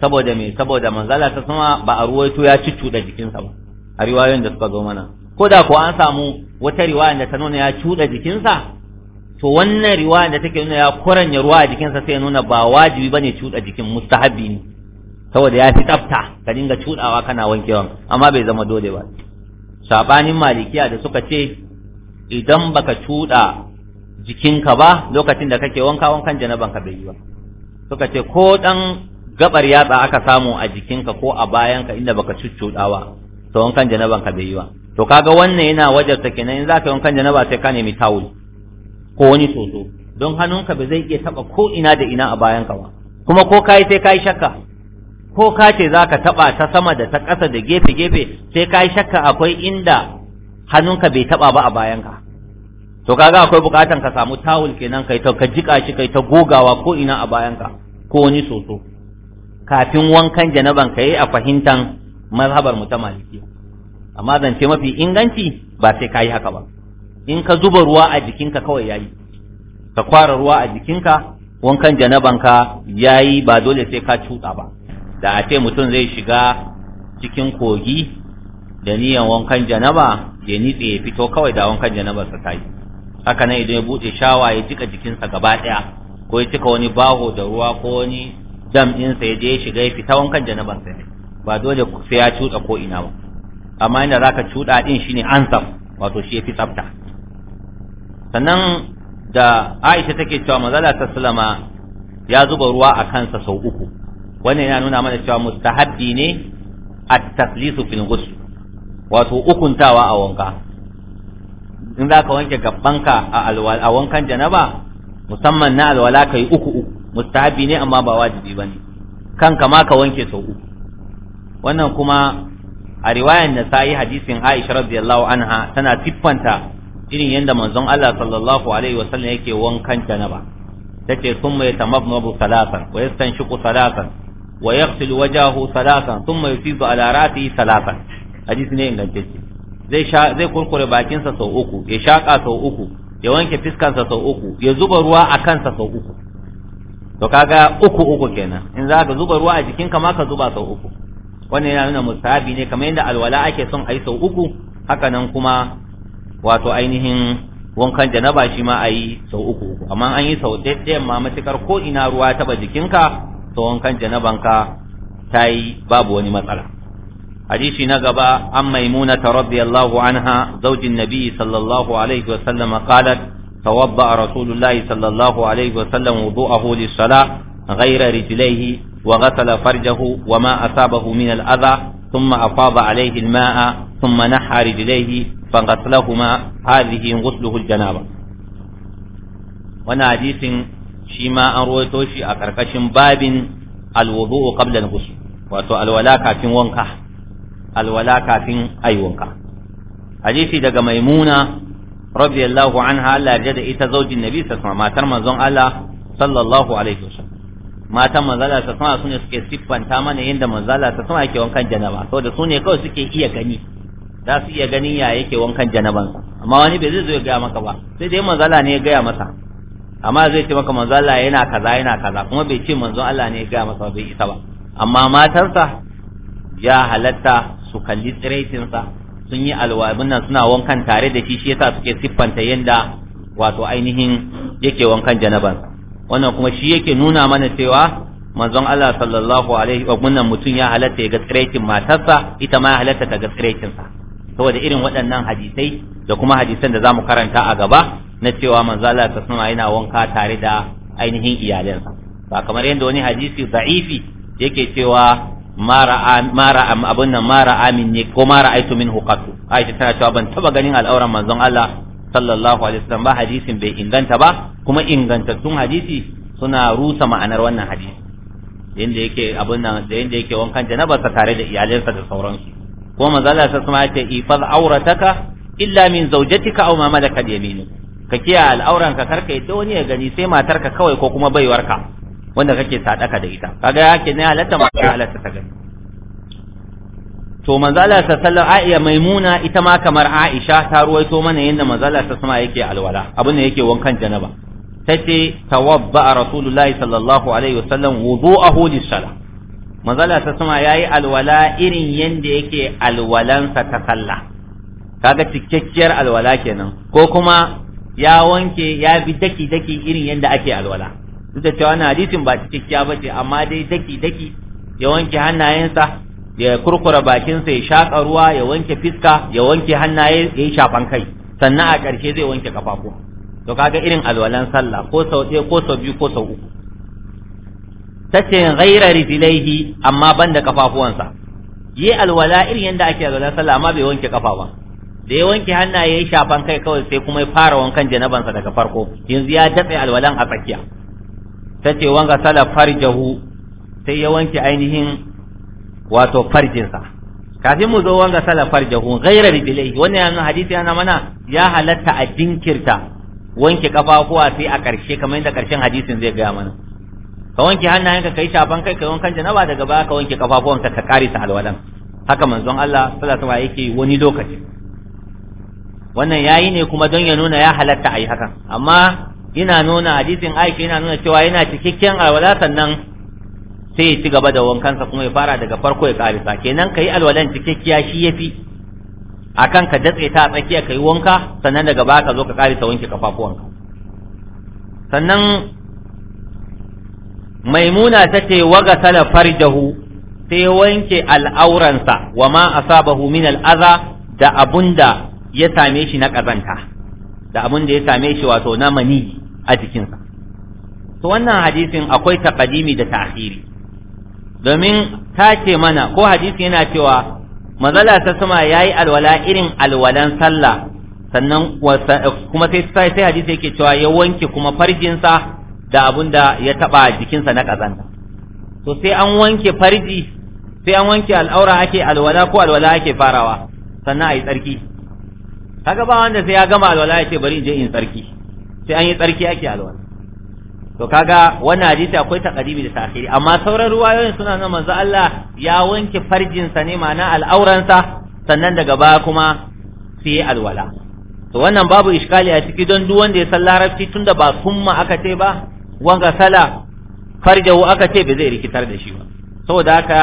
saboda me saboda manzala ta sama ba a ruwaito ya cuccuda jikinsa ba a riwayoyin da suka zo mana ko da ko an samu wata riwaya da ta nuna ya cuda jikinsa to wannan riwaya da take nuna ya kuranya ruwa a jikinsa sai nuna ba wajibi bane cuda jikin mustahabi ne saboda ya fi tsafta ka dinga cudawa kana wankewa amma bai zama dole ba sabanin malikiya da suka ce idan baka cuda jikinka ba lokacin da kake wanka wankan janaban ka bai yi ba suka ce ko dan gabar yatsa aka samu a jikinka ko a bayanka inda baka cuccudawa to wankan janaban ka bai yi wa to kaga wannan yana wajarta kenan in zaka yi wankan janaba sai ka nemi tawul ko wani soso don hannunka ba zai iya taba ko ina da ina a bayanka ba kuma ko kai sai kai shakka ko ka ce zaka taba ta sama da ta ƙasa da gefe gefe sai kai shakka akwai inda hannunka bai taba ba a bayanka to kaga akwai bukatan ka samu tawul kenan kai ta ka jika shi kai ta gogawa ko ina a bayanka ko wani soso kafin wankan janaban ka yi a fahimtan mazhabar mu ta maliki, amma zance mafi inganci ba sai ka yi haka ba in ka zuba ruwa a jikinka kawai yayi ka kwara ruwa a jikinka wankan janaban ka yayi ba dole sai ka cutsa ba da a ce mutum zai shiga cikin kogi da niyan wankan janaba ya nitse ya fito kawai da wankan sa ta yi haka nan idan ya buɗe shawa ya jika jikinsa gaba ɗaya ko ya cika wani baho da ruwa ko wani dam din sa ya je ya shiga ya fita wankan janaban sa ba dole sai ya cuɗa ko ina ba amma inda zaka cuda din shine ansam wato shi yafi tsafta sannan da Aisha take cewa manzala ta sallama ya zuba ruwa a kansa sau uku wannan yana nuna mana cewa mustahabbi ne at-taslisu fil ghusl wato ukuntawa a wanka in zaka wanke gabbanka a alwal a wankan janaba musamman na alwala ka yi uku uku mustahabi ne amma ba wajibi ba ne, kanka ma ka wanke sau uku wannan kuma a riwayar yi hadisin Aisha radiyallahu anha tana siffanta irin yadda manzon Allah sallallahu alaihi wasallam yake wankan janaba tace thumma yatamabbu salatan wa yastanshiqu salatan wa sun wajahu salatan thumma yufidu ala yi salatan hadisi ne ingantacce zai kurkure bakinsa sau uku ya shaƙa sau uku ya wanke fiskansa sau uku ya zuba ruwa a kansa sau uku to kaga uku uku kenan in za ka zuba ruwa a jikinka ma ka zuba sau uku wannan yana nuna musahabi ne kamar yadda alwala ake son a yi sau uku haka nan kuma wato ainihin wankan janaba shi ma a yi sau uku uku amma an yi sau ɗaya ma matukar ko ina ruwa taba jikinka to wankan janabanka ta yi babu wani matsala حديث نقبا عن ميمونة رضي الله عنها زوج النبي صلى الله عليه وسلم قالت توضأ رسول الله صلى الله عليه وسلم وضوءه للصلاة غير رجليه وغسل فرجه وما أصابه من الأذى ثم أفاض عليه الماء ثم نحى رجليه فغسلهما هذه غسله الجنابة وانا حديث شيما أن أكركش باب الوضوء قبل الغسل وتو الولاء كافٍ وانكح alwala kafin ayyuka hadisi daga maimuna radiyallahu anha Allah ya da ita zaujin nabi sallallahu matar manzon Allah sallallahu alaihi wasallam matan manzala ta sama sune suke siffanta mana yadda manzala ta sama yake wankan janaba saboda sune kawai suke iya gani za su iya gani ya yake wankan janaban amma wani bai zai zo ya gaya maka ba sai dai manzala ne ya gaya masa amma zai ce maka manzala yana kaza yana kaza kuma bai ce manzon Allah ne ya gaya masa bai isa ba amma matarsa ya halatta su kalli tsiraitinsa sun yi alwabin nan suna wankan tare da shi shi yasa suke siffanta yadda wato ainihin yake wankan janaban wannan kuma shi yake nuna mana cewa manzon Allah sallallahu alaihi wa sallam mutum ya halatta ya ga tsiraitin matarsa ita ma ya halatta ta ga tsiraitinsa saboda irin waɗannan hadisai da kuma hadisan da zamu karanta a gaba na cewa manzon Allah ta sama yana wanka tare da ainihin iyalansa ba kamar yadda wani hadisi da'ifi yake cewa mara am abun nan mara amin ne ko mara aitu minhu qatu aisha tana cewa ban taba ganin al'auran manzon Allah sallallahu alaihi wasallam ba hadisin bai inganta ba kuma ingantattun hadisi suna rusa ma'anar wannan hadisi yanda yake abun nan da yanda yake wankan janaba sa tare da iyalansa da sauransu ko manzo Allah sallallahu alaihi wasallam ifad aurataka illa min zawjatika aw ma malakat yaminuka ka kiyaye al'auranka karka yadda wani ya gani sai matarka kawai ko kuma baiwarka wanda kake sadaka da ita kaga yake ne halatta ma ta halatta ta gani to manzala sallallahu alaihi maimuna ita ma kamar aisha ta ruwaito mana yanda manzala sallallahu yake alwala abin da yake wankan janaba tace tawadda rasulullahi sallallahu alaihi wasallam wudu'ahu lis-salah manzala sallallahu yayi alwala irin yanda yake alwalansa ta sallah kaga cikakkiyar alwala kenan ko kuma ya wanke ya bi daki daki irin yanda ake alwala duk da cewa na hadisin ba cikakkiya ba ce amma dai daki daki ya wanke hannayensa ya kurkura bakinsa ya shaƙa ruwa ya wanke fiska ya wanke hannaye ya yi shafan kai sannan a ƙarshe zai wanke kafafu to kaga irin alwalan sallah ko sau ɗaya ko sau biyu ko sau uku tace ghaira rijlaihi amma ban da kafafuwansa yi alwala irin yadda ake alwalan sallah amma bai wanke kafa ba da ya wanke hannaye ya yi shafan kai kawai sai kuma ya fara wankan janabansa daga farko yanzu ya datse alwalan a tsakiya ta ce wanga sala farjahu sai ya wanke ainihin wato farjinsa kafin mu zo wanga sala farjahu ghaira rijlai wannan yana hadisi yana mana ya halatta a dinkirta wanke kafafuwa sai a karshe kamar yadda karshen hadisin zai gaya mana ka wanke hannayenka kai shafan kai kai wankan janaba daga baya ka wanke kafafuwanka ka kare ta alwalan haka manzon Allah sallallahu alaihi yake wani lokaci wannan yayi ne kuma don ya nuna ya halatta ayi hakan amma ina nuna hadisin aiki ina nuna cewa yana cikakken alwala sannan sai ya ci gaba da wankansa kuma ya fara daga farko ya karisa kenan kai alwalan cikakkiya shi yafi akan ka datse ta tsakiya kai wanka sannan daga baka ka zo ka karisa wanke kafafuwanka sannan maimuna ta ce waga sala farjahu sai wanke al'auransa wa ma asabahu min al'aza da abunda ya same shi na kazanta da abunda ya same shi wato na maniyi a jikinsa to wannan hadisin akwai taqdimi da ta'khiri domin ta ce mana ko hadisi yana cewa mazala ta sama yayi alwala irin alwalan sallah sannan kuma sai sai hadisi yake cewa ya wanke kuma farjinsa da abunda ya taba jikinsa na kazanta to sai an wanke farji sai an wanke al'aura ake alwala ko alwala ake farawa sannan ayi tsarki kaga ba wanda sai ya gama alwala ya ce bari in je in tsarki sai an yi tsarki ake alwala to kaga wannan hadisi akwai taqdimi da ta'khiri amma sauran ruwayoyin suna nan manzo Allah ya wanke farjin sa ne ma'ana al'auransa sannan daga baya kuma sai alwala to wannan babu iskali a ciki don duk wanda ya san larabci tunda ba summa aka ce ba wanga sala farjahu aka ce bai zai rikitar da shi ba saboda haka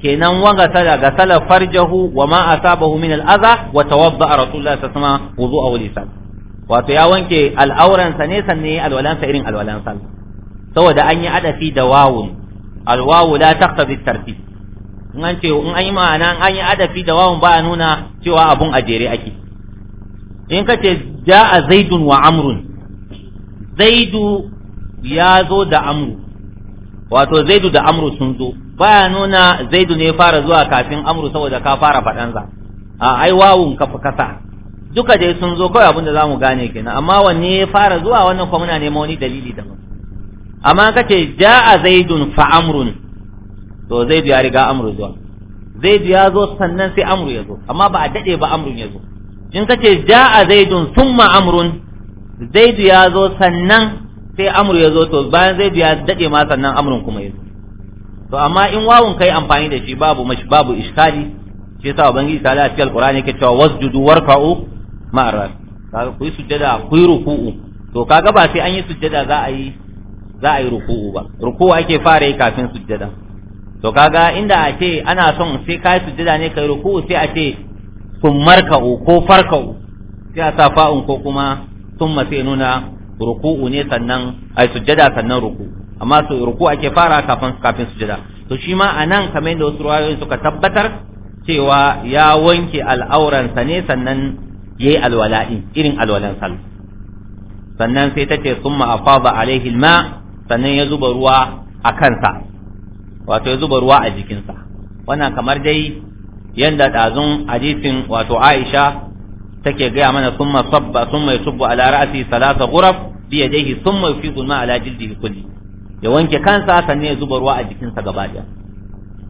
kenan wanga sala ga sala farjahu wa ma asabahu min al'aza wa tawadda rasulullah sallallahu alaihi wasallam wudu'ahu lisab wato ya wanke al'auransa ne sanne alwalansa irin alwalan saboda an yi adafi da wawun alwawu la taqtabi tartib in an ce in an yi ma'ana an yi adafi da wawun ba a nuna cewa abun a jere ake in ka ce ja'a zaidun wa amrun zaidu ya zo da amru wato zaidu da amru sun zo baya nuna zaidu ne fara zuwa kafin amru saboda ka fara faɗansa a ai wawun ka kasa duka dai sun zo kawai abinda za mu gane kenan amma wanne ya fara zuwa wannan kuma muna neman wani dalili da daban amma ka ce a zaidun fa amrun to zaidu ya riga amru zuwa zaidu ya zo sannan sai amru ya zo amma ba a dade ba amrun ya zo in ka ce a zaidun summa amrun zaidu ya zo sannan sai amru ya zo to bayan zaidu ya dade ma sannan amrun kuma ya zo to amma in wawun kai amfani da shi babu babu iskali shi yasa ubangiji ta lafiya alqur'ani yake cewa wasjudu warka'u ma'arar kaga ku kuyi sujjada kuyi ruku'u to kaga ba sai an yi sujjada za a yi za a yi ruku'u ba ruku'u ake fara yi kafin sujjada to kaga inda a ce ana son sai ka yi sujjada ne ka yi ruku'u sai a ce sun marka'u ko farka'u sai a sa fa'un ko kuma sun sai nuna ruku'u ne sannan ai sujjada sannan ruku'u amma su ruku ake fara kafin kafin sujjada to shi ma nan kamar yadda wasu ruwayoyin suka tabbatar cewa ya wanke al'auransa ne sannan yayi alwala din irin alwalan sallah sannan sai ta ce sun summa afada alaihi alma sannan ya zuba ruwa a kansa wato ya zuba ruwa a jikinsa wannan kamar dai yanda dazun hadisin wato Aisha take gaya mana sun summa sabba mai yusubbu ala ra'si salasa ghuraf bi yadayhi mai fi gulma ala jildihi kulli ya wanke kansa sannan ya zuba ruwa a jikinsa gaba daya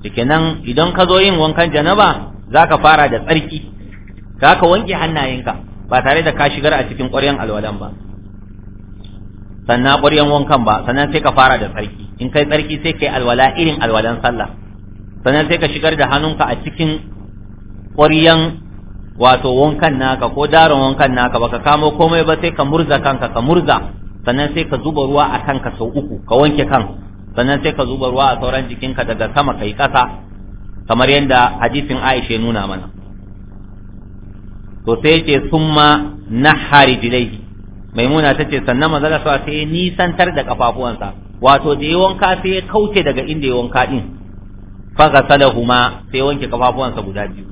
kenan idan ka zo yin wankan janaba zaka fara da tsarki ka ka wanke hannayenka ba tare da ka shigar a cikin ƙwaryan alwalan ba sannan ƙwaryan wankan ba sannan sai ka fara da tsarki in kai tsarki sai kai alwala irin alwalan sallah sannan sai ka shigar da hannunka a cikin ƙwaryan wato wankan naka ko darin wankan naka baka kamo komai ba sai ka murza kanka ka murza sannan sai ka zuba ruwa a kanka sau uku ka wanke kan sannan sai ka zuba ruwa a sauran jikinka daga sama kai ƙasa kamar yadda hadisin Aisha nuna mana to sai ce summa nahari jilaihi maimuna ta ce sannan maza sa sai nisantar da kafafuwansa wato da yi wanka sai ya kauce daga inda ya wanka din faga salahuma sai wanke kafafuwansa guda biyu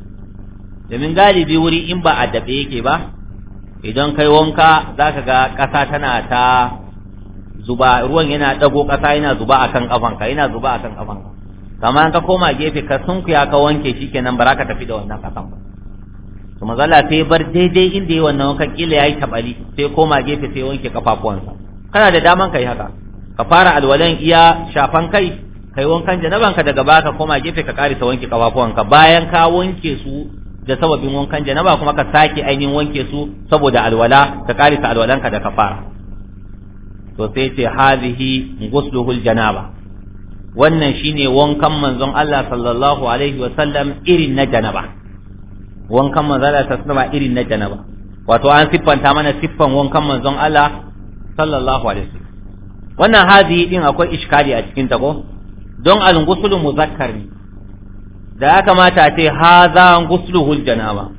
domin galibi wuri in ba a dabe yake ba idan kai wanka za ka ga ƙasa tana ta zuba ruwan yana ɗago ƙasa yana zuba a kan ƙafanka, yana zuba a kan ƙafanka kamar ka koma gefe ka sunkuya ka wanke shi kenan ba za ka tafi da wannan ƙasan ba to mazala sai bar daidai inda yayi wannan wankan kila yayi tabali sai koma gefe sai wanke kafafuwansa kana da daman kai haka ka fara alwalan iya shafan kai kai wankan janabanka daga baka koma gefe ka karisa wanke kafafuwanka bayan ka wanke su da sababin wankan janaba kuma ka sake ainihin wanke su saboda alwala ka karisa alwalanka da kafara to sai ce hazihi ghusluhul janaba wannan shine wankan manzon Allah sallallahu alaihi wasallam irin na janaba wankan manzon Allah ta sanar irin na janaba wato an siffanta mana siffan wankan manzon Allah sallallahu alaihi wasallam wannan hadisi din akwai iskali a cikin ta ko don al-ghuslu muzakkar ne da ya kamata a ce hadha ghusluhul janaba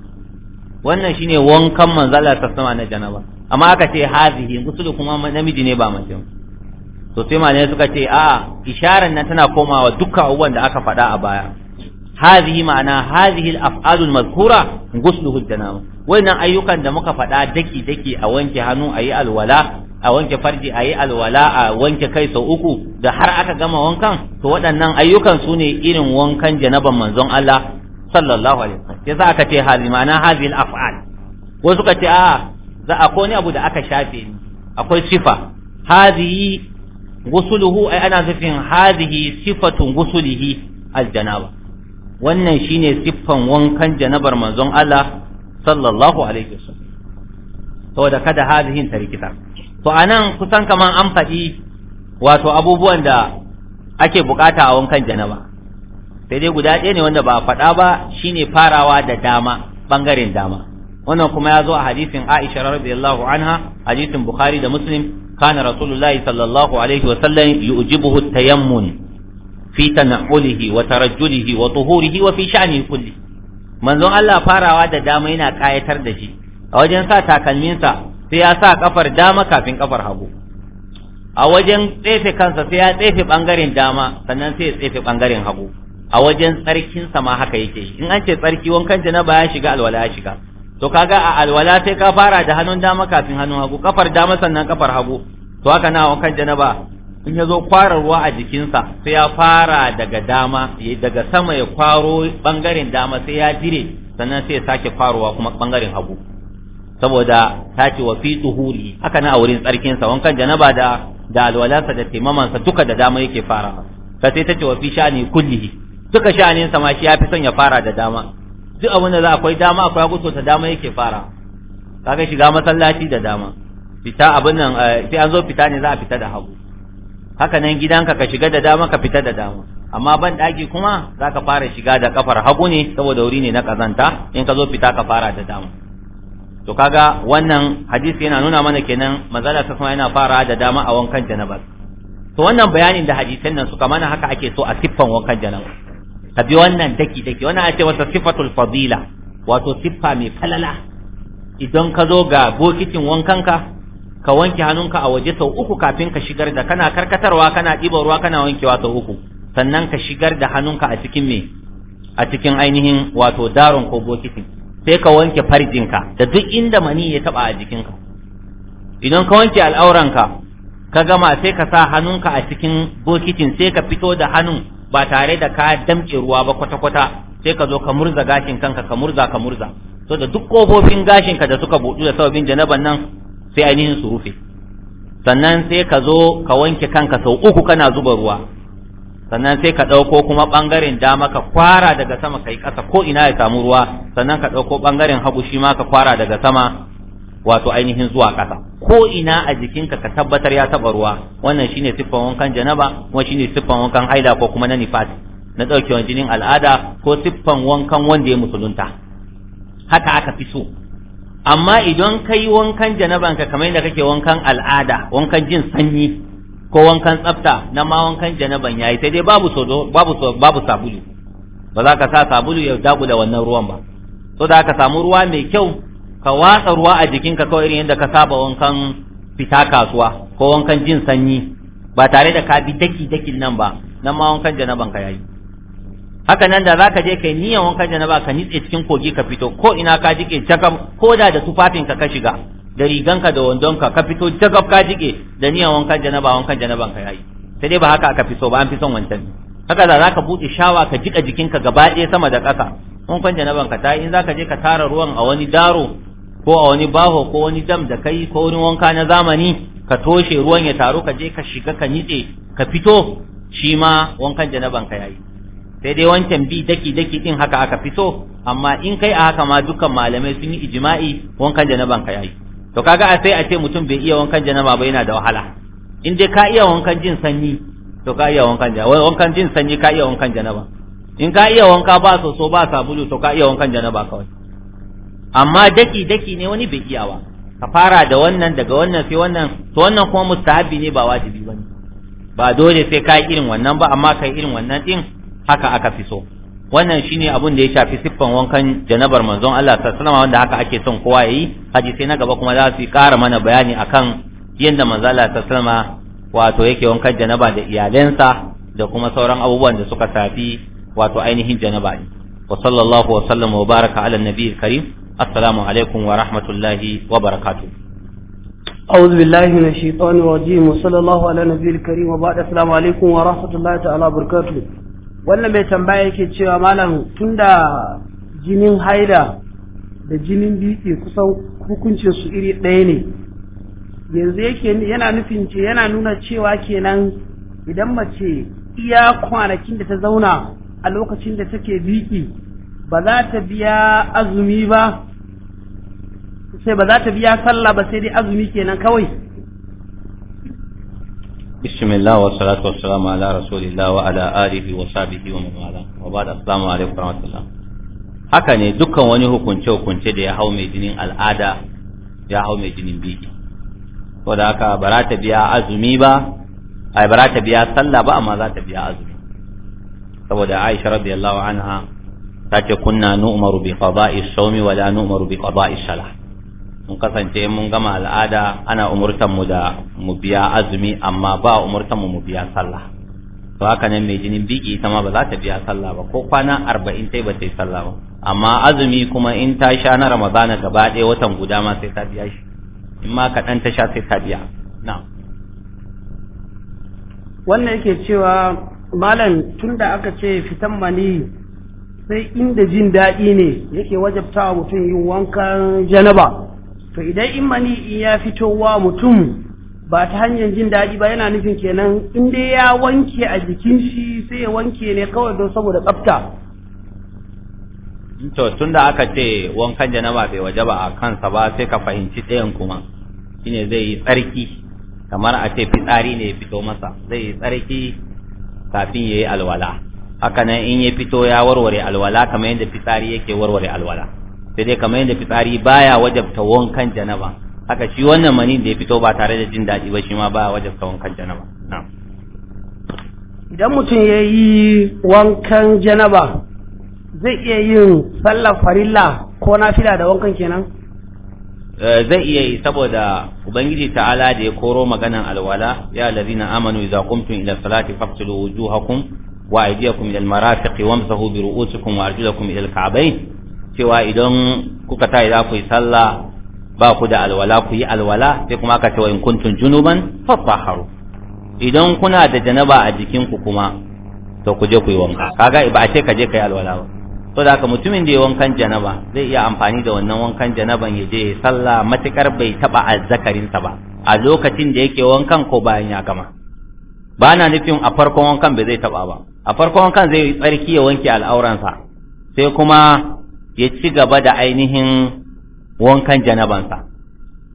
wannan shine wankan manzon Allah ta sanar na janaba amma aka ce hadisi ghuslu kuma namiji ne ba mace to sai malamai suka ce a'a isharar nan tana komawa dukkan abubuwan da aka faɗa a baya hadhihi ma'ana hadhihi al-af'al al-madhkura ghusluhu ayyukan da muka faɗa daki daki a wanke hannu ayi alwala a wanke farji ayi alwala a wanke kai sau uku da har aka gama wankan to waɗannan ayyukan su ne irin wankan janaban manzon Allah sallallahu alaihi wasallam yasa aka ce hadhihi ma'ana hadhihi afal wasu ka ce a za a wani abu da aka shafe ni akwai sifa hadhihi ana zafin hadhihi sifatun gusulihi aljanaba wannan shine siffan wankan janabar manzon Allah sallallahu alaihi wasallam saboda kada hadihin rikita to anan kusan kaman an faɗi wato abubuwan da ake bukata a wankan janaba sai dai guda ɗaya ne wanda ba a faɗa ba shine farawa da dama bangaren dama wannan kuma ya zo a hadisin Aisha radiyallahu anha hadisin Bukhari da Muslim kana Rasulullahi sallallahu alaihi wasallam yu'jibuhu tayammun fi tanahulihi wa tarajjulihi wa tuhurihi wa fi sha'ni kulli manzon Allah farawa da dama yana kayatar da shi a wajen sa takalminsa sai ya sa kafar dama kafin kafar hagu a wajen tsefe kansa sai ya tsefe bangaren dama sannan sai ya tsefe bangaren hagu a wajen tsarkin sa ma haka yake in an ce tsarki wankan ba ya shiga alwala ya shiga to kaga a alwala sai ka fara da hannun dama kafin hannun hagu kafar dama sannan kafar hagu to haka na wankan ba. in ya zo kwara ruwa a jikinsa sai ya fara daga dama daga sama ya kwaro bangaren dama sai ya jire sannan sai ya sake kwarowa kuma bangaren hagu saboda ta ce wa fi tsuhuri haka na a wurin tsarkinsa wankan janaba da da alwalansa da taimamansa duka da dama yake fara ka sai ta ce wa fi sha'ani kullihi duka sha'aninsa ma shi ya fi son ya fara da dama duk abin da za akwai dama akwai gusto to ta dama yake fara kaga shiga masallaci da dama fita abin nan eh, sai an zo fita ne za a fita da hagu haka nan gidanka ka shiga da dama ka fita da dama amma ban daki kuma zaka fara shiga da kafar hagu ne saboda wuri ne na kazanta in ka zo fita ka fara da dama to kaga wannan hadisi yana nuna mana kenan manzala ta kuma yana fara da dama a wankan janabar to wannan bayanin da hadisan nan suka mana haka ake so a siffan wankan janabar ka bi wannan daki daki wannan ake wata sifatul fadila wato siffa mai falala idan ka zo ga bokitin wankan ka. ka wanke hannunka a waje sau uku kafin ka shigar da kana karkatarwa kana ɗiba ruwa kana wankewa sau uku sannan ka shigar da hannunka a cikin me a cikin ainihin wato daron ko bokiti sai ka wanke farjinka da duk inda mani ya taba a jikinka idan ka wanke al'auranka ka gama sai ka sa hannunka a cikin bokitin sai ka fito da hannun ba tare da ka damƙe ruwa ba kwata-kwata sai ka zo ka murza gashin kanka ka murza ka murza to da duk kofofin gashinka da suka buɗu da sababin janaban nan sai ainihin su rufe sannan sai ka zo ka wanke kanka sau uku kana zuba ruwa sannan sai ka ɗauko kuma ɓangaren dama ka kwara daga sama ka yi ƙasa ko ina ya samu ruwa sannan ka ɗauko ɓangaren hagu shi ma ka kwara daga sama wato ainihin zuwa ƙasa ko ina a jikinka ka tabbatar ya taɓa ruwa wannan shine siffan wankan janaba kuma shine siffan wankan haida ko kuma na nifas na ɗaukewan jinin al'ada ko siffan wankan wanda ya musulunta haka aka fi so amma idan ka yi wankan janabanka kamar yadda kake wankan al'ada wankan jin sanyi ko wankan tsafta na ma wankan janaban yayi sai dai babu sodo babu babu sabulu ba za ka sa sabulu ya da wannan ruwan ba so da ka samu ruwa mai kyau ka watsa ruwa a jikinka kawai irin yadda ka saba wankan fita kasuwa ko wankan jin sanyi ba tare da ka bi daki dakin nan ba nan ma wankan janaban ka yayi haka nan da za ka je kai niyan wankan janaba ka nitse cikin kogi ka fito ko ina ka jike jakam ko da da tufafinka ka shiga da riganka da wandonka ka fito jakam ka jike da niyan wankan janaba wankan janaban ka yayi sai dai ba haka aka fi so ba an fi son wancan haka da za ka buɗe shawa ka jika jikinka gaba ɗaya sama da ƙasa wankan janaban ka tayi in za ka je ka tara ruwan a wani daro ko a wani baho ko wani dam da kai ko wani wanka na zamani ka toshe ruwan ya taro ka je ka shiga ka nitse ka fito shi ma wankan janaban ka yayi sai dai wancan bi daki daki din haka aka fito amma in kai a haka ma dukkan malamai sun yi ijma'i wankan janaban ka yayi to kaga a sai a ce mutum bai iya wankan janaba ba yana da wahala in dai ka iya wankan jin sanyi to ka iya wankan janaba wankan jin sanyi ka iya wankan janaba in ka iya wanka ba soso ba sabulu to ka iya wankan janaba kawai amma daki daki ne wani bai iya ba ka fara da wannan daga wannan sai wannan to wannan kuma mustahabi ne ba wajibi bane ba dole sai ka irin wannan ba amma kai irin wannan din haka aka fi so wannan shine abun da ya shafi siffan wankan janabar manzon Allah sallallahu wanda haka ake son kowa yayi sai na gaba kuma za su ƙara mana bayani akan yadda manzon Allah sallallahu wato yake wankan janaba da iyalansa da kuma sauran abubuwan da suka safi wato ainihin janaba ne wa sallallahu wa sallam wa baraka ala nabiyil karim assalamu alaikum wa rahmatullahi wa barakatuh أعوذ بالله من الشيطان الرجيم وصلى الله على نبي الكريم وبعد السلام عليكم ورحمة الله تعالى وبركاته wannan mai tambaya yake cewa malam tunda jinin haida da jinin biki kusan hukuncin su iri ɗaya ne yanzu yake yana nufin ce yana nuna cewa kenan idan mace iya kwanakin da ta zauna a lokacin da take biki ba za ta biya azumi ba sai ba za ta biya sallah ba sai dai azumi kenan kawai بسم الله والصلاة والسلام على رسول الله وعلى آله وصحبه ومن والاه وبعد السلام عليكم ورحمة الله haka ne dukkan wani hukunce hukunce da ya hau mai jinin al'ada ya hau mai jinin biki saboda haka ba za ta biya azumi ba ai ba za ta biya sallah ba amma za ta biya azumi saboda Aisha radiyallahu anha ta ce kunna nu'maru bi qada'i as-sawmi wa la nu'maru bi qada'i as-salah mun kasance mun gama al'ada ana umurtan mu da mu biya azumi amma ba umurtan mu mu biya sallah to haka nan mai jinin biki ita ma ba za ta biya sallah ba ko kwana arba'in sai ba ta yi sallah ba amma azumi kuma in ta sha na ramadana gaba ɗaya watan guda ma sai ta biya shi in ma kaɗan ta sha sai ta biya na wannan yake cewa malam tunda aka ce fitan mani sai inda jin daɗi ne yake wajabtawa mutum yin wankan janaba to idan in mani ya fitowa mutum ba ta hanyar jin daɗi ba yana nufin kenan in dai ya wanke a jikin shi sai ya wanke ne kawai don saboda tsafta to tunda aka ce wankan janaba bai waje ba a kansa ba sai ka fahimci ɗayan kuma shine zai yi tsarki kamar a ce fitsari ne ya fito masa zai yi tsarki kafin ya yi alwala Hakanan in ya fito ya warware alwala kamar yadda fitsari yake warware alwala sai dai kamar yadda fitsari baya wajabta wankan janaba haka shi wannan manin da ya fito ba tare da jin daɗi ba shi ma baya wajabta wankan janaba idan mutum ya yi wankan janaba zai iya yin sallar farilla ko nafila da wankan kenan eh, zai iya yi saboda ubangiji ta'ala da ya koro maganan alwala ya lazina amanu idza qumtum ila salati faqtilu wujuhakum wa aydiyakum ila almarafiqi wamsahu bi ru'usikum wa arjulakum ila alka'bayn cewa idan kuka tayi za ku yi sallah ba ku da alwala ku yi alwala sai kuma aka cewa in kuntun junuban haru idan kuna da janaba a jikinku kuma to ku je ku yi wanka kaga ba a ce ka je ka yi alwala ba to da haka mutumin da ya wankan janaba zai iya amfani da wannan wankan janaban ya je sallah matukar bai taba azzakarinsa ba a lokacin da yake wankan ko bayan ya gama ba na nufin a farkon wankan bai zai taba ba a farkon wankan zai yi tsarki ya wanke al'auransa sai kuma ya ci gaba da ainihin wankan janabansa